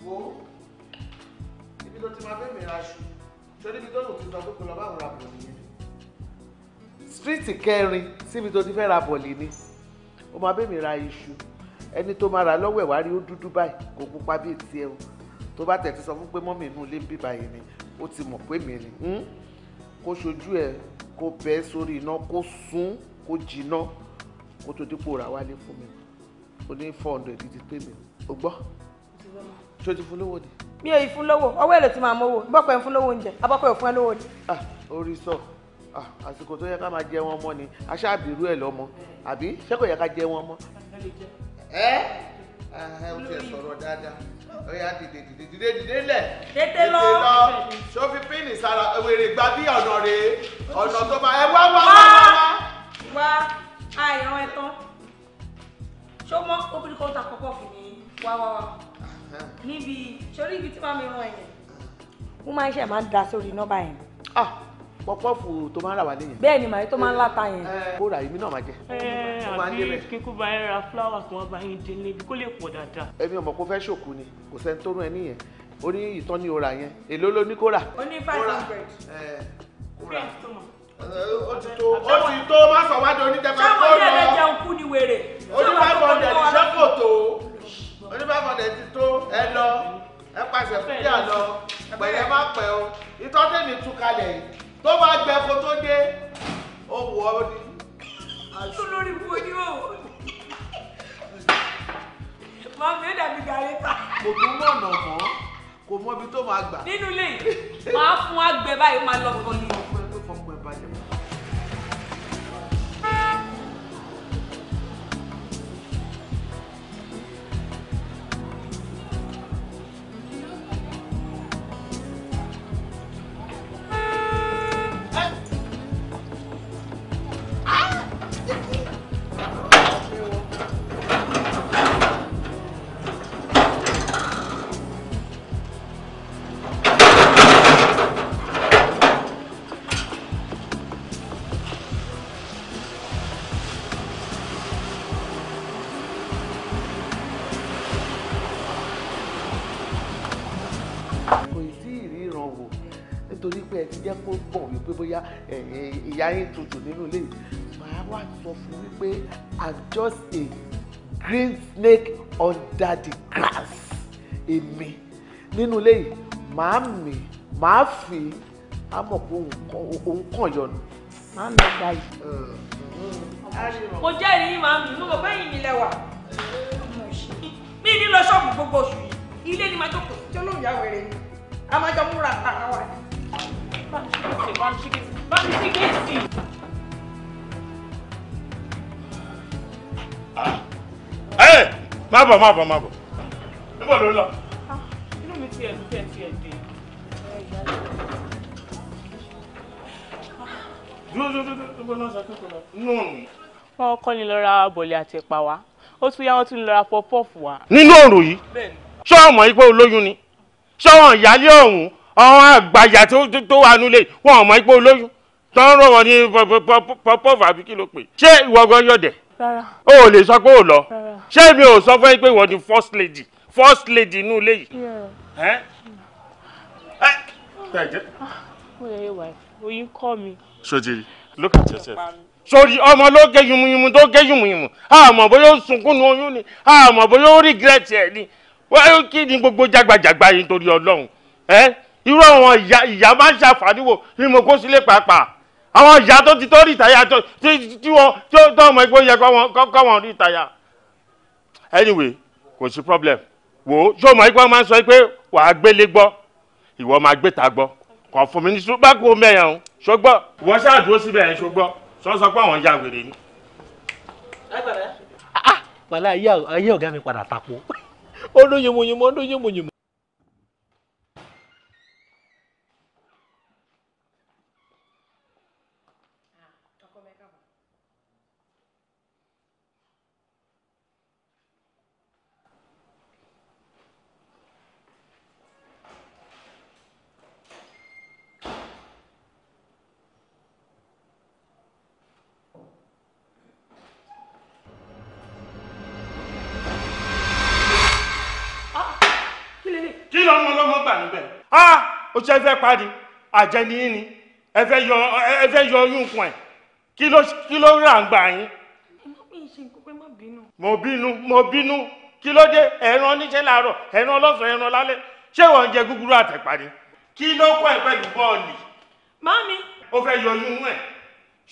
wo ibi tó ti máa bẹ́ẹ̀ mìíràn aṣọ ṣé níbi tó lò ti sọ pé kò lọ bá àwọn àbò nìyẹn stíríìtì kẹrin síbi tó ti fẹ́ ra bọ̀lì ni ó máa bẹ́ẹ̀ mi ra iṣu ẹni tó máa rà lọ́wọ́ ẹ̀ wá rí ó dúdú báyìí kò pupa bíi tiẹ̀ o tó bá tẹ̀ ti sọ fún pé mọ́mì inú ilé ń bí báyìí ni ó ti mọ̀ pé mi ni kó ṣojú ẹ̀ kó bẹ́ sórí iná kó sún kó jiná kó tó dípò rà wálé fún mi ó ní four hundred ti pé mi ò gbọ́ ṣó ti fún lówó ni. mi ò yí fún lówó ọwọ́ ẹ̀ ló ti máa mówó bọ́pọ̀ ẹ̀ fún lówó oúnjẹ abọ́pọ̀ ẹ̀ fún ẹ lówó ni. ah orí sọ. So. Ah, àsìkò tó yẹ ká máa jẹ wọn mọ́ ni aṣáàbìrú ẹ̀ lọ́mọ àbí ṣé kò yẹ ká jẹ wọn mọ́. ẹ ẹ o tiẹ̀ sọ̀rọ̀ dáadáa ó yà dìde dìde dìde dìde lẹ̀ tètè lọ ṣó fi pínì sára wèrè gba bí ọ̀nà rèé ọ̀nà tó máa ẹ wá wá wá wá. wá àìrán ẹ tán ṣó mọ obìnrin kan ta kọ́kọ́ fún mi wá wá wá níbi sórí ibi tí màmí rán ẹ̀yẹ. wọ́n máa ń ṣe máa ń da sórí nọ́mbà yẹn. Ah, pọpọ́ọ̀fù tó máa ń rà wá lẹ́yìn. bẹ́ẹ̀ ni màá tó máa ń láta yẹn. Eh, eh, kó rà èmi náà máa jẹ. Eh, àbí kíkú bá ẹ ra fúláwà kí wọ́n bá yín délé kó lè pọ̀ dáadáa. èmi ọmọ kò fẹ́ ṣòkú ni kò sẹ́ni tó rún ẹ níyẹn ó ní ìtọ́ ní ora yẹn èló ló ní kó rà. ó ní five hundred. ó ti tó ó ti tó má sọ wájú oníjẹpẹ kó lọ. ṣé wọ́n yẹ ẹ pàṣẹ fún yà lọ pẹ̀lẹ́ má pẹ́ o ìtọ́jú mi tú kalẹ̀ yìí tó bá gbẹ kó tó dé ó wọ ọ ní. olórí bu ojú ò máa fi dàbí gàrí ta. kò tún mọ̀ ọ̀nà mọ́ kò mọ ibi tó máa gbà. nínú ilé yìí máa fún àgbẹ̀ báyìí máa lọ kọ́ ní ìyá yín tutù nínú ilé màá wá sọ fún mi pé i'm just a green snake under the grass èmi nínú ilé yìí màá mì màá fi á mọ̀ pé òun kàn yọnu màá lọ gba yìí. mo jẹ́rìí yín màá mi mo mọ̀ bẹ́yìn mi lẹ́wà mi ní lọ ṣọ́ọ̀bù gbogbo oṣù yìí ilé ni màá jókòó tí olóòyà wẹ̀rẹ̀ ni a máa jọ múra tààrà wà ní bámi sí géètì. ẹ má bọ̀ má bọ̀ má bọ̀ níbo ló lọ. Ah, inú mi ti ẹ̀dùn tẹ̀ ti ẹ̀dẹ̀. Ah! dúró dúró dúró bó lọ́sàn-án tó kọ̀ lọ. wọ́n kọ́ ni lọ́ra bọ̀lẹ̀ àti ẹ̀pà wá ó tún yá wọn tún lọ́ra pọ́pọ́ọ̀fù wá. nínú òòrùn yìí ṣé ọmọ yìí pé olóyún ni ṣé ọmọ ìyáálé ọ̀hún ọ̀hún àgbàyà to to nílé wọn ọmọ yìí pé olóyún tó ń rọ̀ wọ́n ní pọ́pọ́fù àbí kí ló pè ṣé ìwọ gan yọ̀dẹ̀ o ò lè sọ pé ò lọ ṣé mi ò sọ fún ẹ pé ìwọ ni first lady first lady inú ilé yìí. oyin kọ́ mi. sotiri look at yourself sori ọmọ ló gé yùmùyùmù tó gé yùmùyùmù àmọ́ bóyá ó sunkún ní oyún ni àmọ́ bóyá ó regret ẹ ni wọ́n kí ni gbogbo jágbajàgba yìí nítorí ọlọ́run irú àwọn ìyá máa ń ṣàǹfààní wo pàápàá àwọn ìyá tó ti tó rí ìtayà tí wọ́n tó ọmọ ẹgbẹ́ yẹ kọ́wọ́n rí ìtayà. anyway kò sí problem wò ó ṣé ọmọ ẹgbẹ́ máa ń sọ pé wàá gbélé gbọ́ ìwọ máa gbé ta gbọ́ kàn fún mi ní sùn bá kó mẹ́yàn o ṣùgbọ́n wọ́n ṣáàdúró síbẹ̀ yẹn ṣùgbọ́n sọ sọ pé àwọn ya wèrè ni. Ah, ah, wàhálà ayé ọ̀gá mi padà tako [LAUGHS] ó lóyún mọ̀yún mọ́ ó lóyún mọ̀yún mọ́. gbà níbẹ̀ a ó ṣe fẹ́ parí àjẹni yín ni ẹ fẹ́ yọ ẹ fẹ́ yọ oyún kun ẹ̀ kí ló kí ló rà ń gbà yín. mo bínú mo bínú kí ló dé ẹran oníṣẹ́ làárọ̀ ẹran ọlọ́sàn ẹran lálẹ́ ṣé wọ́n ń jẹ gúgúrú àtẹ̀pàdé kí ló kọ́ ẹ̀ pẹ̀lú bọ́ọ̀lì. mami. ó fẹ́ yọ oyún ẹ̀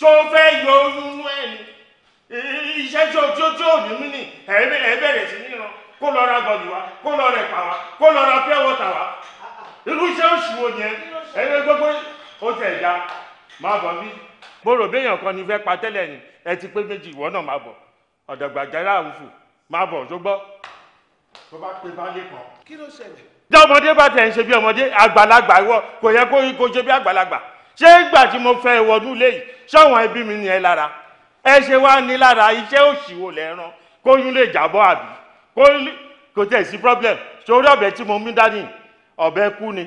ṣó fẹ́ yọ oyún ẹ̀ ni iṣẹ́ tí ó tí ó ní mí ni ẹ̀ bẹ̀rẹ̀ sí ní ràn kó lọ ra gọ̀dù wa kó lọ rẹ̀ pa wa kó lọ ra pure water wa irú iṣẹ́ oṣù wo yẹn ẹgbẹ́ gbogbo ó tẹ̀ ya máa bọ̀ bí. mo rò béèyàn kan ní fẹ́ pa tẹ́lẹ̀ ni ẹ ti pé méjì ìwọ náà máa bọ̀ ọ̀dọ̀gbàjára àwùfù máa bọ̀ ṣùgbọ́n. tó bá pe baálé kan. kí ló ṣẹlẹ̀. jẹ́ ọmọdé bá tẹ̀ ń ṣe bí ọmọdé àgbàlagbà wọ kò yẹ kó ṣe bí àgbàlagbà ṣé ìgbà tí mo fẹ́ wọnú léyìí ṣọ́wọ́n ẹbí mi ni ẹ lára ẹ ṣe wá ní lára iṣẹ́ òṣìwò lẹ́ẹ̀rán kóyún lè jàbọ́ àbí kò tẹ̀ sí problem sórí ọ̀bẹ tí mo mú dání ọ̀bẹ kú ni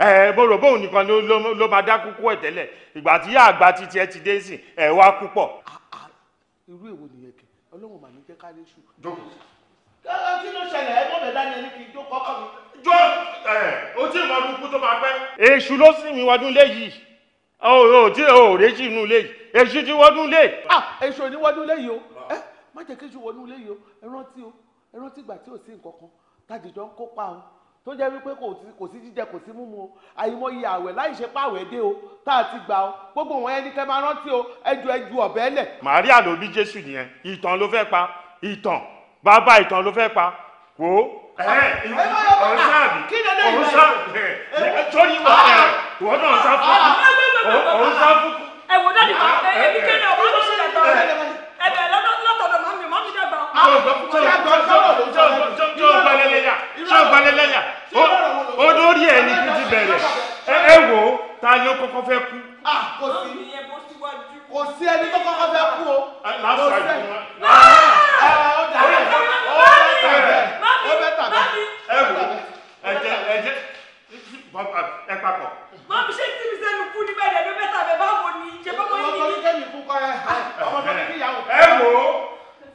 ẹ bọ̀rọ̀ bóun nìkan ló máa dá kúkú ẹ̀ tẹ́lẹ̀ ìgbà tí yá àgbà titi ẹ ti dé sí ẹ wá kú pọ̀. Ah, ah, irú èwo nìyẹn kẹ ọlọ́run mà ní jẹ́ ká léṣù. kí ló ṣẹlẹ̀ ẹ mọ̀ bẹ́ẹ̀ dání ẹni kì í jókòó kọ́ mi. jọ ẹ o tí ì mọ ọdún kú tó máa pẹ́. èṣù ló sìn mí wọdún léyìí o ò tí o ò réjì inú léyìí èṣù ti wọdún léyìí. ah èṣù ò ní wọdún léyìí o ah. ẹ má jẹ́ kéṣù wọdún léyìí o ẹ rántí o ẹ rántí ìgbà tí ò sí nǹkan kan tájìjọ ń kópa o tó jẹ́ wípé kò sí jíjẹ kò sí mímu o àyìnbóye àwẹ̀ láì ṣe pàwẹ̀ dé o tá a ti gbà o gbogbo wọn ẹni kẹ́ rántí o ẹjọ́ ẹjọ́ ọ̀bẹ lẹ̀. Màríà ló bí Jésù nìyẹn ìtàn ló fẹ́ pa ìtàn bàbá ìtàn ló fẹ́ pa wò ó. ẹ ẹ ọ̀hún sáàbì ọ̀hún sáàbì ẹ torí wà ẹ wọ́n náà sá fún ọ̀hún sá fún. ẹ wò náà nípa ẹ ẹbí kẹ́lẹ́ ọ̀hún ló ṣe sọgbàlẹlẹyà olórí ẹ ní kí n ti bẹ̀rẹ̀ ẹ wò ta ni ó kọ́kọ́ fẹ́ kú. kò sí kò sí ẹni tó kọ́kọ́ fẹ́ kú o. kò sí ẹni ó dà bẹ ó bẹ tàbẹ ó bẹ tàbẹ. ẹ wò ẹ jẹ ẹ jẹ ẹ papọ̀. mọ̀mí ṣe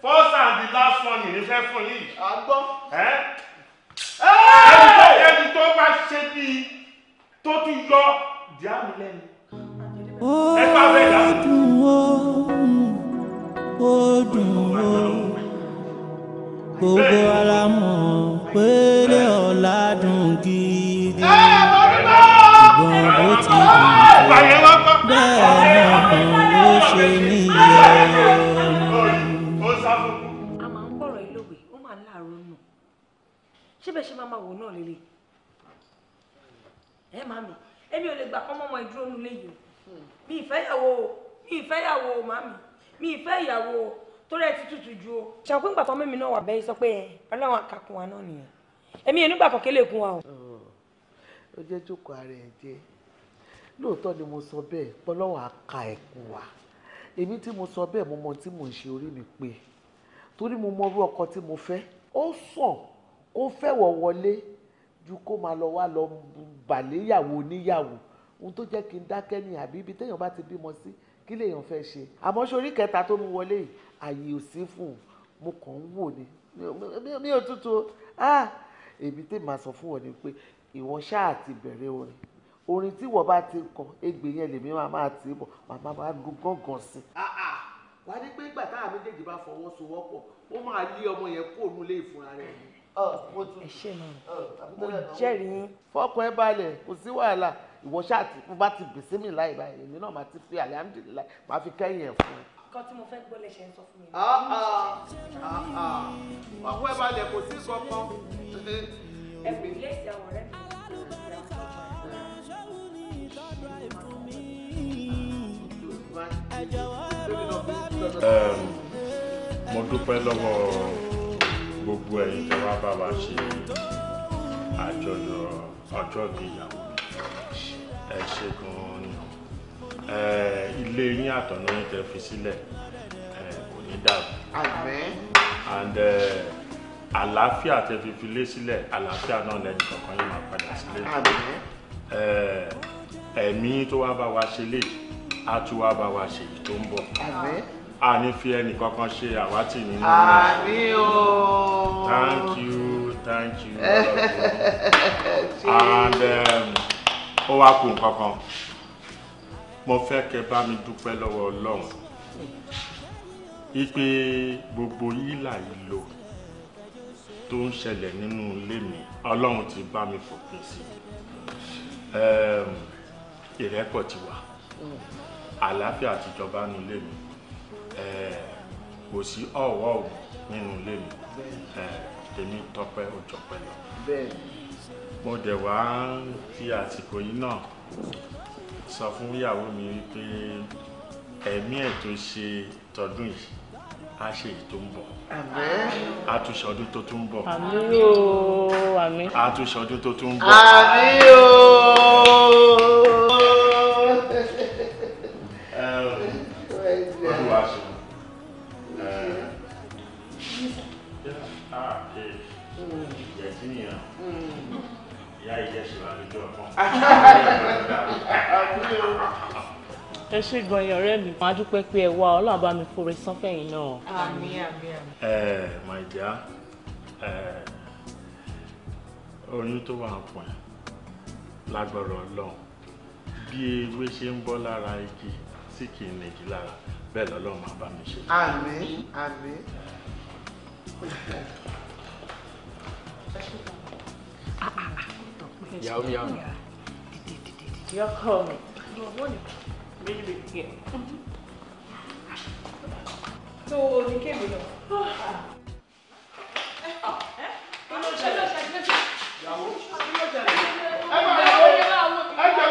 first and the last one yìí fẹ́ fún yìí. à ń gbọ́. ẹni tó bá ṣe bí tó tún yọ díà mi lẹ́nu. ẹ bá bẹ́ẹ̀ dà. ó dùn ó ó dùn ó gbogbo ara mọ̀ pélé ọ̀la dùn gidi. ṣùgbọ́n bó ti dùn tó bẹ́ẹ̀ náà ló ṣe ní. bẹ́ẹ̀ ṣe máa máa wò náà lélẹ̀ ẹ màmí èmi ò lè gbà kọ́ mọ́mọ́ ìdúró nu lé yìí o mi ìfẹ́yàwó mi ìfẹ́yàwó màmí mi ìfẹ́yàwó torí ẹ ti tutù ju o. ṣàkóso ìgbà kan mímí náà wà bẹ́ẹ̀ sọ pé ọlọ́run àkàkùn wa náà nìyẹn èmi ìnúgbà kan kélé gun wa o. ó jẹ́ jókòó ara ẹ̀ jẹ́ lóòótọ́ ni mo sọ bẹ́ẹ̀ pọ́lọ́wọ́ àka ẹ̀kú wa èmi tí mo sọ bẹ́ẹ̀ mo mọ tí mò ń ṣe orí mi pé torí mo mọ irú ọkọ tí mo fẹ́ ó sàn kó fẹ̀wọ̀ wọlé ju kó máa lọ wá lọ bàléyàwó níyàwó ohun tó jẹ́ kí n dákẹ́ ni àbí ibi téèyàn bá ti bímọ sí kí lèèyàn fẹ́ ṣe àmọ́ sórí kẹta tó mú wọlé yìí àyè ò sí fún un mo kàn ń wò ni mi ò tútù ah èmi tè máa sọ fún ọ ni pé ìwọ ṣáà ti bẹ̀rẹ̀ orin orin tí wọ́n bá ti kọ egbè yẹn lèmi máa máa tì í bọ̀ màmá máa lu gángan sí. Ah, ah! wà ní pé ìgbà táwọn méjèèjì bá fọwọ́sowọ́pọ̀ ó máa lé ọmọ yẹn kó òun ìfúnra rẹ̀ ni mo jẹ́rìí yín. ẹ balẹ̀ kò sí wàhálà ìwọ ṣáà tí mo bá ti bèsè mi láì báyìí èmi náà máa ti fi alihamdulilayi máa fi kẹ́yìn ẹ̀ fún un. nǹkan tí mo fẹ́ gbọ́ lẹ́sẹ̀ ń sọ fún mi. Ah, ah, ah. ọkọ ẹ balẹ̀ kò sí sọ kan. ẹ̀mí ilé ìjà ọ̀rẹ́ mi. mo dúpẹ́ lọ́wọ́ gbogbo ẹ̀yin tẹ́ wá bá wa ṣe àjọyọ̀ ọjọ́ ìgbéyàwó ẹ ṣe gan-an ni ilé yín àtọ̀nà yín tẹ́ fi sílẹ̀ kò ní dàbí. àmín. and àlàáfíà tẹ́ fi filé sílẹ̀ àlàáfíà náà lẹ́yìn kankan yín máa padà sílé. àmín. ẹ̀mí tó wá bá wa ṣe lè á tún wá bá wa ṣe èyí tó ń bọ̀. àmín a ní fi ẹnì kankan ṣe àwátì nínú rẹ. àmì o. thank you thank you. and ó wá kù nǹkankan mo fẹ́ kẹ́ bá mi dúpẹ́ lọ́wọ́ ọlọ́run ipe gbogbo yílà ìlò tó ń ṣẹlẹ̀ nínú ilé mi ọlọ́run ti bá mi fòpin sí ìrẹ́pọ̀ ti wà àlàáfíà àtijọba nínú ilé mi. Eh, kò sí ọ̀wọ́ òun nínú ilé mi eh, èmi tọpẹ́ òjọpẹ́ lọ mo dẹ̀ wá fi àsìkò yìí náà sọ fún ìyàwó mi wípé ẹ̀mí ẹ̀ tó ṣe tọdún yìí á ṣe èyí tó ń bọ̀ á ọdún tó tún ń bọ̀ àmín ọdún tó tún ń bọ̀ olùwàṣọ. ẹ ṣe gan yín ọ̀rẹ́ mi máa dúpẹ́ pé ẹ wá Ọlọ́run bá mi fòrè sánfẹ̀yìn náà. àmín àmín àmín. ẹ my dear oyún tó wà ń pọ̀ lágbọ̀rọ̀ Ọlọ́run bí ewé ṣe ń bọ́ lára igi tí kì í nìgí lára bẹ́ẹ̀ lọ́lọ́run máa bá mi ṣe. àmín àmín. Yum, yum. You're coming. Baby, baby, here. So, you came with Ẹ jẹ́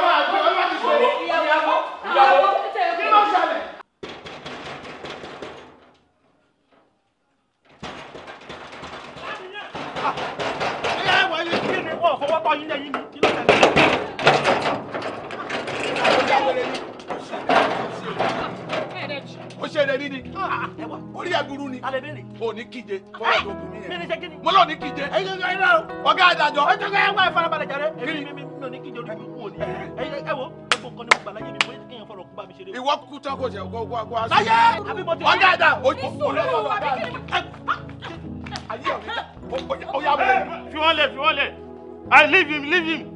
máa gbé ọlọ́dún sọ̀rọ̀. Ìyàwó. Ìyàwó. Kí ló ń ṣẹlẹ̀? pọ̀ yín lẹ́yìn ni kí ló tẹ̀lé. ó ṣe èrè ni ah, ah, orí ẹgburu ni o ní kíje fọwọ́ tó kù mí yẹn mo lọ ní kíje ọgá àdájọ. ẹ jọgọ ẹ wá ẹ fara balẹ̀ jàre èmi mi ò ní kíje orí mi kú òní ẹ wo gbogbo nǹkan ni mo gbà láyé mi mo yẹ kéèyàn fọlọ kú bá mi ṣeré. ìwọ kú tán kò jẹ kó kó kó aṣọ. láyé ọgá àdá o lè lọ ọgá àdá ayé ọ̀rẹ́ ta ó yà bọ̀. fi wọ́n lẹ̀ fi wọ́n lẹ̀. I leave him, leave him.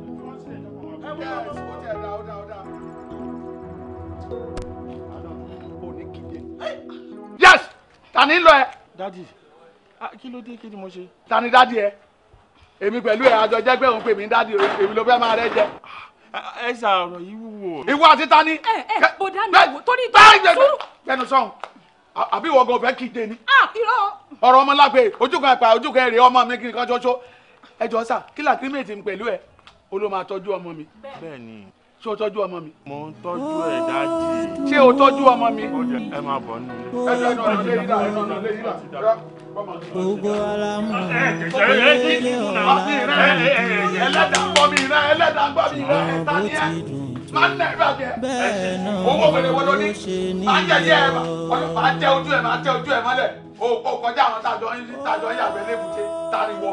Yes, tani lọ ẹ. Dadi, ah, kí ló dé kí ni mo ṣe? Tani dadi ẹ? Èmi pẹ̀lú ẹ̀ àjọ jẹ́gbẹ́ òun pè mí dadi èmi ló fẹ́ máa rẹ jẹ ah, ẹ ṣe ọ̀rọ̀ yìí wúwo. ìwọ àti ta ni. Eh, eh, ẹ ẹ bó dáná wò torí ìjọba sùúrù. bẹnu sọhùn àbí ìwọ gan fẹ́ kíde ni. Ah, irọ́. ọ̀rọ̀ ọmọ lápẹ ojú kan ẹpà ojú kan èrè ọmọ mi kí nǹkan ṣoṣo ẹ jọ sà kí làkí mètì pẹ̀lú ẹ o ló máa tọ́jú ọmọ mi. bẹ́ẹ̀ni. ṣé o tọ́jú ọmọ mi. mo ń tọ́jú ẹ̀ dájú. ṣé o tọ́jú ọmọ mi. ẹ máa bọ̀ nínú ilé. ẹ jọ ẹnu ọ̀nà lé yíra ẹnu ọ̀nà lé yíra. gbogbo ara mọ̀ ilé ọ̀la ẹlẹ́dàá mi rẹ ẹlẹ́dàá gbọ́ mi rẹ ẹ̀ta ni ẹ máa ń nẹ́ẹ̀rọ jẹ owó wẹrẹ wọn ló ní máa ń jẹjẹ máa tẹ ojú ẹ máa tẹ ojú ẹ mọ́lẹ̀ o kọjá àwọn tàjọ yàgbẹ́ lébùté tariwo.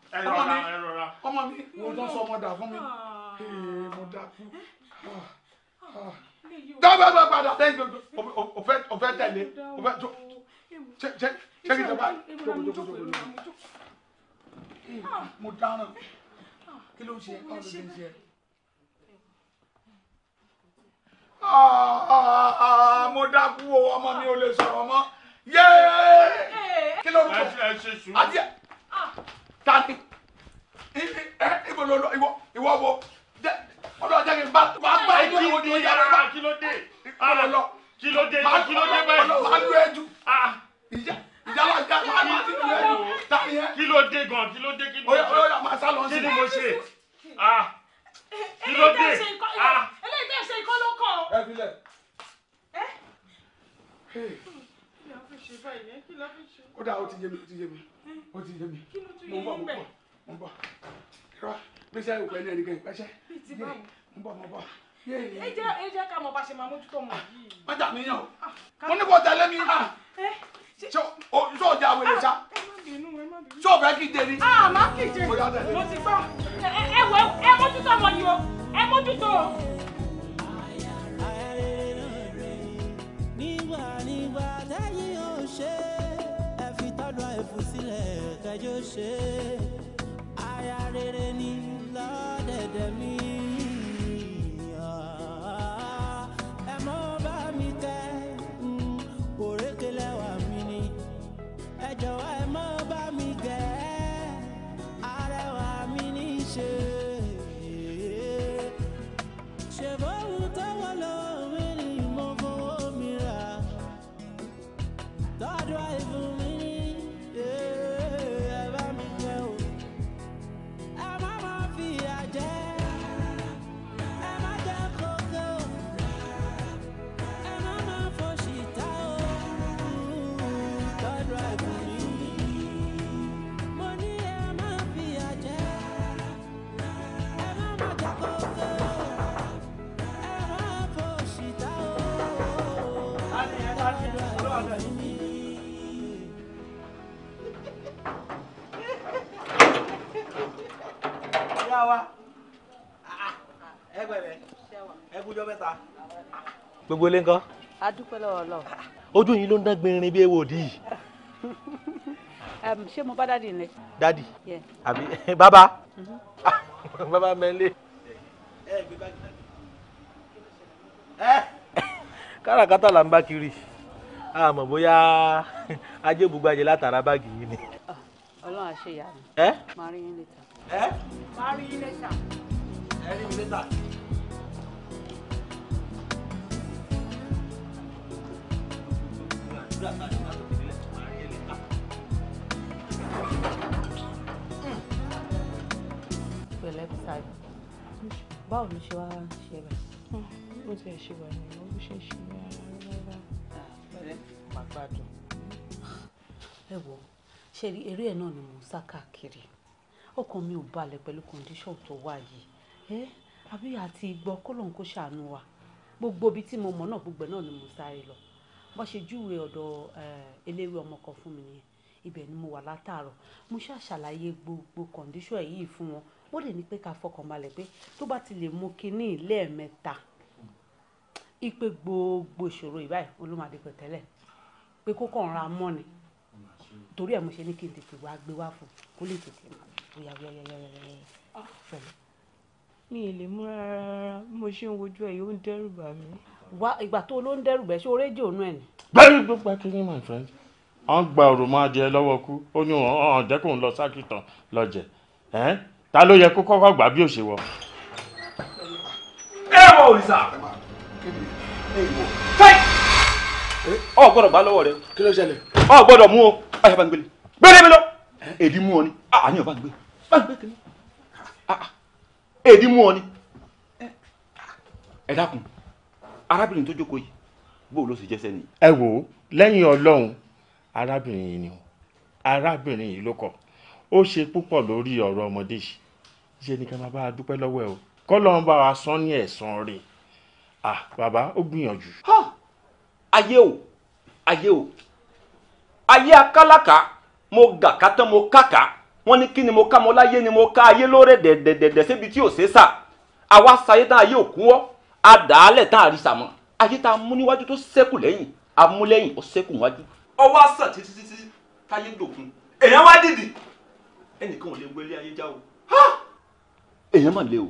ọmọ mi ọmọ mi mo tán sọ ọmọ dà fún mi ah. mo dà fún ah. ah. dábàá bá padà lẹ́yìn gbogbo ọ̀fẹ́ ọ̀fẹ́ tẹ̀lé ọ̀fẹ́ tó ṣe ṣe ṣe kí n sábà jogojogo mo dáná kí ló ń ṣe ọ́ ló ń ṣe. mo dákú o ọmọ mi ò lè sọ̀rọ̀ mọ́ yéé kí ló ń kọ́ àti ẹ̀ tani ibo ló lọ ìwọ ìwọ wo ọlọ jẹ kí n bá máa gbá ìlú ìwọ ni ìyá rẹ bá kí ló dé ìwọ lọ kí ló dé kí ló dé báyìí máa lu ẹjú ah. ìyá ìyá wa já máa máa ti lu ẹjú tani yẹn kí ló dé gan kí ló dé kí ló dé ó yà máa sá lọ sí i kí ni mo ṣe ah. kí ló dé ah. eléyìí tẹ̀ ṣe ìkọ́ ló kọ̀ ọ́. ẹ fi lẹ. Eh? kí ló fi ṣe báyìí kí ló fi ṣe. ó dáa ó ti yé mi ó ti yé mi ó ti yé mi mo ń bọ̀ mo ń bọ̀ mo ń bọ̀ irọ́ gbèsè òkú ẹni ẹni kan ìpẹ́sẹ́ yé mo ń bọ̀ mo ń bọ̀ yé mi. ẹ jẹ́ ẹ jẹ́ ká mọ bá ṣe máa mójútó mọ yìí. má jà yàn o ah, mo ní kò tẹ̀lé mi ah, ṣé o jẹ́ àwẹ̀lẹ̀ ṣá ṣé o fẹ́ kí n jẹ ni. a máa kì í jẹ mo ti gbọ́ ẹ mójútó ọmọ yìí o ẹ mójútó o. fẹjọ́ ṣe aya rere ni lọ́dẹ̀dẹ̀ mi. gbogbo ilé ńkọ́. a dúpẹ́ lọ́wọ́ lọ. Ah, ojú yín ló ń dán gbinrin bí ewo òdì yìí. [LAUGHS] ṣé mo bá dádì ni. dádì àbí [LAUGHS] bàbá ah, [LAUGHS] bàbá mẹ́lẹ̀. káràkátà là ń bá kiri àmọ́ bóyá ajé bugbajẹ látara báàgì yìí ni. Ah, ọlọ́run àṣeyà mi. ẹ máa rí yín lẹ́tà. ẹ máa rí yín lẹ́tà. ẹ rí mi lẹ́tà. pẹ̀lẹ́ Táyọ̀ báwo ló ṣe wá ṣe rẹ̀. Hmm, ó ti ẹ̀ ṣe wà ní ìwọ bó ṣe ṣe ní ara rárá. pẹ̀lẹ́ màá gbádùn. ẹ wo ṣe rí eré ẹ̀ náà ni mò ń sá káàkiri ọkàn mi ò balẹ̀ pẹ̀lú kọ́ndíṣọ̀n tó wà yìí ẹ àbí àti ìgbọ́ kọ́lọ́n kó ṣàánú wa gbogbo ibi tí mo mọ̀ náà gbogbo náà ni mò sáré lọ bó ṣe júwe ọ̀dọ̀ eléwé ọmọ kan fún mi nìyẹn ibẹ̀ ni mo wà látàárọ̀ mo ṣáà ṣàlàyé gbogbo kọ̀ǹdíṣọ̀ yìí fún wọn wọ́n lè ní pé ká fọkàn balẹ̀ pé tó bá ti lè mú kinní lẹ́ẹ̀mẹ́ta ipe gbogbo ìṣòro ìbáyìí olómàdé pẹ̀tẹ́lẹ̀ pé kó kàn ra mọ́ ni torí ẹ̀ mo ṣe ní kí n tètè wá gbé wá fún kó lè tètè mọ̀ bóyá yẹ́yẹ́yẹ́yẹ́ ah. fẹ̀lẹ́. mi ì lè múra rárá mo ṣe ń wojú ẹ̀ yóò ń dẹ́rù bà mí wá ìgbà tó ló ń dẹ́rù bẹ́ẹ̀ ṣé o rédíò nù ẹ̀ ni. bẹ́ẹ̀ ló gba kínní my friend wọ́n gba òròmọ adìẹ lọ́wọ́ kú ó ní ọ̀hún dẹ́kun lọ sákìtàn lọ́jẹ̀ ẹ́ ta ló yẹ kó kọ́kọ́ gbà bí òṣèwọ. ẹ wọ òrìṣà ọ gbọ́dọ̀ gbà lọ́wọ́ rẹ kí ló ṣẹlẹ̀ ọ gbọ́dọ̀ mú o ayọ bá ń gbélé gbélé mi lọ èdè mú ọ ni ah, ah, àníyàn bá ń gbé bá ń gbé kiri ah, èdè mú ọ ni ẹ dákun arábìnrin tó jókòó yìí bó ló sì jẹ́ sẹ́ni. ẹ wò ó lẹ́yìn ọlọ́run arábìnrin yìí ni o arábìnrin yìí ló kọ ó ṣe púpọ̀ lórí ọ̀rọ̀ ọmọdé yìí ṣe ni ká máa bá a dúpẹ́ lọ́wọ́ ẹ o kọ́lọ́run bá wa sán ní ẹ̀san rẹ̀ ah bàbá ó gbìyànjú. ayé o ayé o ayé akálàkà mo gà ká tán mo kàkà wọ́n ní kí ni mo ká mo láyé ni mo ká ayé lóore dẹ̀dẹ̀dẹ̀dẹ̀ síbi tí ò ṣe é sà àwa sayé tán ayé òkú wọ́ àdáálẹ̀ tán àrísà mọ́ ayé tá a mú níwájú tó ṣẹ́kù lẹ́yìn amúlẹ́yìn ó ṣẹ́kù níwájú. ọwọ́ àṣà títí títí táyé dòkun èèyàn wá dìdì ẹnìkan ò lè wọlé ayé já o. èèyàn mà lé o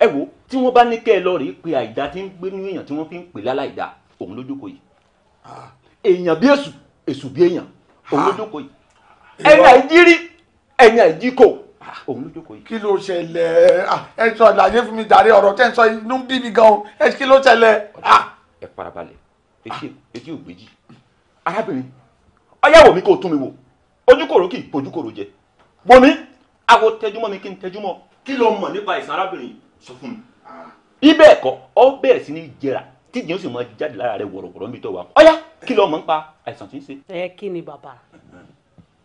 ẹ wo tí wọ́n bá ní kẹ́ ẹ lọ rèé pé àìdá tí ń gbé nínú èèyàn tí wọ́n fi ń pè láláìdá òun lójókòó yìí èèyàn bí èṣù èṣù bí èèyàn òun lójókòó yìí ẹ̀yìn àìjírí ẹ̀yìn àìjíkò òun ló jókòó yìí. kí ló ṣẹlẹ̀ ẹ sọ àlàyé fún mi jàre ọ̀rọ̀ tẹ́ ń sọ inú ń bí mi gan-an ẹ kí ló ṣẹlẹ̀. ẹ farabalẹ̀ etí ò gbèjì arábìnrin ọyáwó mi kò tún mi wò ojú kòrò kì í pojú kòrò jẹ wò mí àwo tẹjúmọ́ mi kí n tẹjúmọ́ kí ló mọ̀ nípa ìsàn arábìnrin sọ fún mi. ibẹ̀ ẹ̀kọ́ ọ bẹ̀rẹ̀ sí ní jẹrà tíjì ó sì máa jáde lára rẹ wọ̀rọ̀wọ̀rọ̀ níbi tó wà ọyá kí ló mọ̀ nípa àìsàn tí ń ṣe. ẹ kí ni bàbá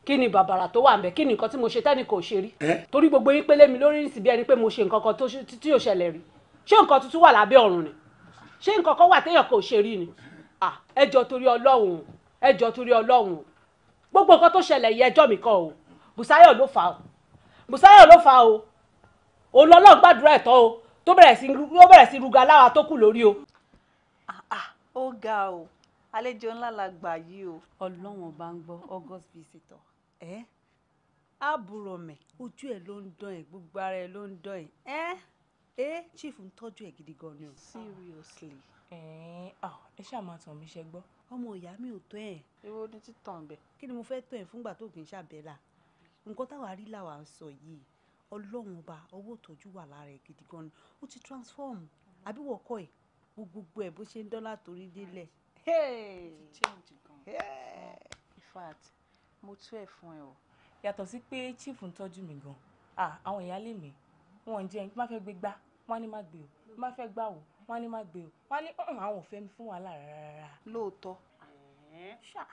kí ni bàbàrà tó wà ń bẹ kí ni nǹkan tí mo ṣe tẹ́nì kò ṣe rí torí gbogbo yín pélé mi lórí ìsìn bí ẹni pé mo ṣe nǹkan kan tí yóò ṣẹlẹ̀ rí ṣé nǹkan tuntun wà lábẹ́ ọ̀run ni ṣé nǹkan kan wà téèyàn kò ṣe rí ni ẹjọ́ torí ọlọ́run ẹjọ́ torí ọlọ́run gbogbo nǹkan tó ṣẹlẹ̀ yìí ẹjọ́ mi kan o Bùsáyọ̀ ló fà o Bùsáyọ̀ ló fà o òun lọ́lọ́run gbàdúrà ẹ̀tọ́ o tó bẹ̀rẹ̀ sí ruga ńlá la gbà yìí o. ọlọ́run ọba ń gbọ́ august visitor ẹ àbúrò mẹ ojú ẹ ló ń dán ẹ gbogbo ara ẹ ló ń dán ẹ ẹ ẹ chief ń tọ́jú ẹ gidi gan ni o. seriously. ẹ ṣáà máa tàn mí ṣe gbọ́. ọmọ ìyá mi ò tó ẹ. èwo ni títàn bẹ. kí ni mo fẹ́ tó ẹ fúngbà tó kì í ṣàbẹ̀là nǹkan táwa rí làwa ń sọ yìí ọlọ́run ọba owó ìtọ́jú wà lára ẹ gidi gan ni ó ti transform àbí wọ́kọ̀ ẹ̀ gbogbo ẹ̀ bó ṣe ń dọ́là torí délẹ̀. change gan. in fact mo tú ẹ̀ fún ẹ o. yàtọ̀ sí pé chief ń tọ́jú mi gan àwọn ìyáálé mi wọn ń jẹ́ ẹni má fẹ́ gbé gbá wọn á ní má gbé o má fẹ́ gbà wò wọn á ní má gbé o wọn á ní àwọn ò fẹ́ mi fún wàhálà rárá. lóòótọ́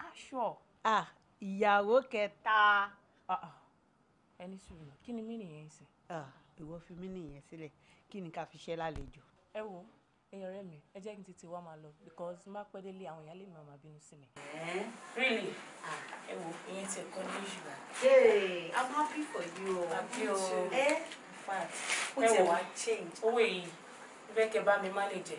aṣọ. ìyàwó kẹta. ẹni sùúrù kí ni mí nìyẹn ń sìn. ìwọ fi mí nìyẹn sílẹ̀ kí ni ká fi ṣe lálejò. ẹ wo ẹ̀yin ọ̀rẹ́ mi ẹ jẹ́ kí n tètè wá máa lọ because má pẹ́ délé àwọn ìyá mi máa bínú sí mi. really ah, ẹ wo ìyẹn ti ẹ̀kọ́ ní ìṣúra. ee i'm happy for you o. happy o eh? ẹ fat ó tẹ̀ wá change owó èyí ìfẹ́ kẹ bá mi má lè jẹ.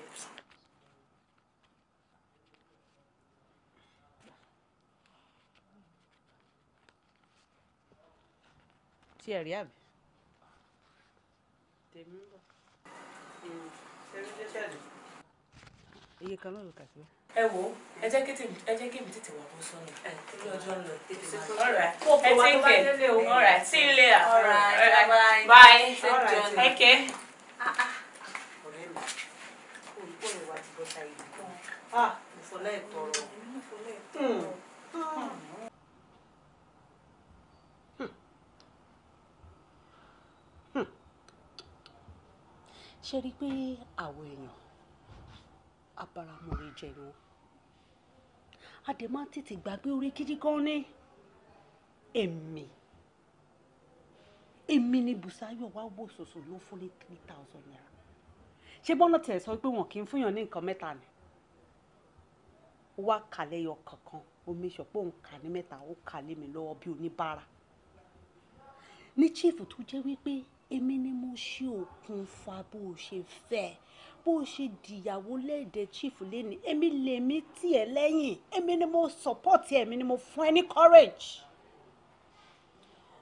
tí ẹ rí àmì. tèmi ń iye kan náà ló kà síbẹ̀. ẹ wo ẹ jẹ́ kí tèmi ẹ jẹ́ kí mi tètè wà bó sọ́nà kí ọjọ́ ń lọ tètè sí kó ọ̀rá ẹ ti ń kè ọ̀rá sí ilé à ọ̀rá báyìí ẹ̀kẹ́. ọ̀rẹ́ mi olùkọ́ mi wá ti bọ́ sáyé. ah ìfọ̀lẹ́ ìtọ̀rọ̀. ìfọ̀lẹ́ ìtọ̀rọ̀. Hmm. Hmm. ṣe rí i pé àwọn èèyàn abáramọ̀rẹ́ jẹ ni wọ́n a dẹ̀ máa tètè gbàgbé orí gidi gan ní èmi èmi ni busayo wá wò sòsò ló fún ní three thousand naira ṣé bọ́lá tiẹ̀ sọ pé wọn kì í fúnyàn ní nǹkan mẹ́ta ni wá kàlẹ́ yọ kankan omi ìṣọ̀pọ̀ òun kà ní mẹ́ta ó kà mi lọ́wọ́ bí oníbàárà ní chief tó jẹ́ wípé èmi ni mo ṣe òkùnfà bó o ṣe fẹ́ bó o ṣe dìyàwó léde chief lẹ́ni èmi lèmi tì ẹ́ lẹ́yìn èmi ni mo support ẹ̀ èmi ni mo fún ẹ ní courage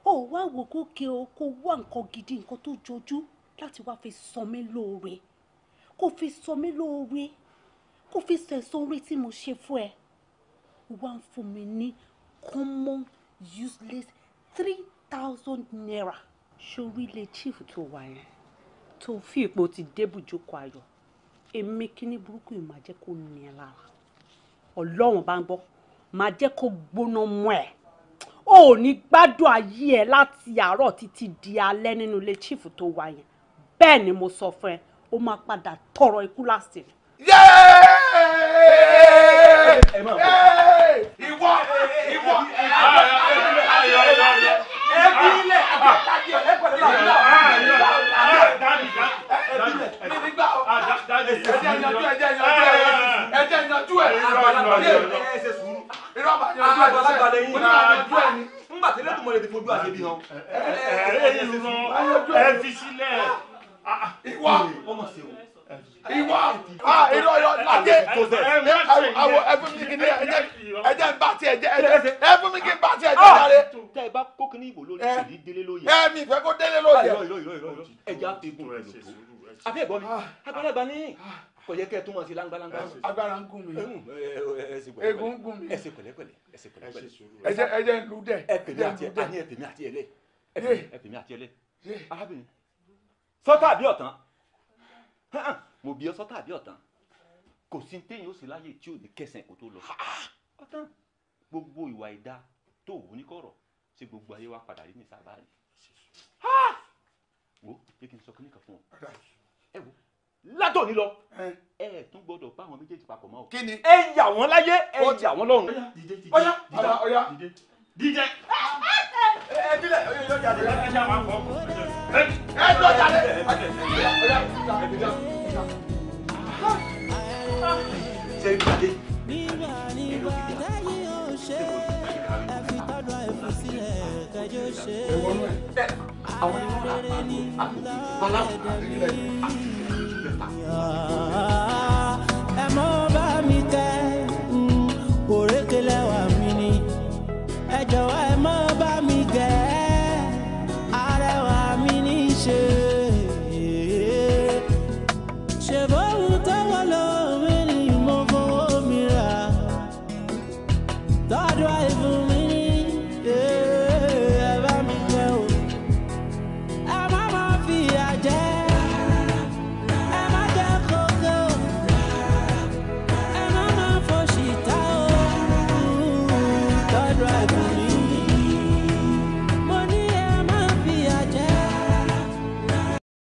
ó wá wò kókè o kó wá nǹkan gidi nǹkan tó jojú láti wá fi sọ mí lóore kó fi sọ mí lóore kó fi sẹ̀sán orí tí mo ṣe fún ẹ wá ń fún mi ní common useless three thousand naira sórí ilé chief tó wà yẹn tó fi ipò ti débùjókòó ayọ̀ èmi kíní burúkú yìí máa jẹ́ kó ní ẹ lára ọlọ́run bá ń gbọ́ máa jẹ́ kó gbóná mọ́ ẹ̀ ó ní gbádùn ayé ẹ láti àárọ̀ títí di alẹ́ nínú ilé chief tó wà yẹn bẹ́ẹ̀ ni mo sọ fún ẹ ó máa padà tọrọ ikú láti rìn. ìwọ ìwọ ayọ̀ ayọ̀ ayọ̀ ẹbílẹ̀ àtàkàdì ọ̀lẹ́ pẹ̀lú làdúrà ẹjẹ yanjú ẹjẹ yanjú ẹjẹ yanjú ẹ àgbàlagbà lè ẹ ṣe sùúrù irọ́ àgbàlagbà lè àgbàlagbà lè yín yanjú ẹ ni ńgbà tẹ́lẹ̀ tó mọ̀ lè ti fojú àṣebi hàn. ẹ ẹ ẹ ẹ fi sílẹ̀. ìwọ ọmọ ṣeun ìwọ a irọ irọ lajẹ awọ ẹfun mi kìíní ẹjẹ ẹjẹ ń bá tiẹ jẹ ẹjẹ ẹfun mi kìí bá tiẹ jẹ ah! jáde. tẹ ẹ bá kó kìíní ìbò lórí eh, ṣèlú délé lóye. ẹ eh, mi fẹ́ kó délé lóye. Ah, ẹja egun rẹ lò tó àbí ẹ̀gbọ́n mi ah. àgbàlagbà ní kò yẹ kẹ ẹ tún máa ṣe láńgbáláńgbá. agbára ń gún mi eh, egun ń gún mi ẹsẹ pẹ̀lẹ́pẹ̀lẹ́ ẹsẹ pẹ̀lẹ́pẹ̀lẹ́. ẹjẹ ẹjẹ ń lu dẹ ẹpèmí àti ẹlẹ ẹpèmí àti ẹlẹ arábìnrin sọtà àbí ọ̀tàn mo bí ọ sọ́tà àbí ọ̀tàn kò sí téèyàn ó sì láyè tí ò ní kẹsàn-án kó tó lọ. ọ̀tàn gbogbo ìwà ìdá tó wù ní kọ̀rọ̀ ṣe gbogbo ayé wa padà rí ní sábà rí. wo jẹ́ kí n sọ kíní kan fún ọ. ẹ wo látò ní lọ ẹ ẹ tún gbọ́dọ̀ bá àwọn méjèèjì papọ̀ mọ́ o. kí ni ẹ yà wọ́n láyé ẹ yà wọ́n lọ́run. ọ̀yá ọ̀yá ọ̀yá díje ẹ bílẹ̀ ẹ yóò jáde ẹ ṣe àwọn akọ ẹ yóò jáde ṣe ìpàdé ìlú gíga àwọn ẹni wọn àpò aláwọ àti ìlẹ àti ìlẹ ta.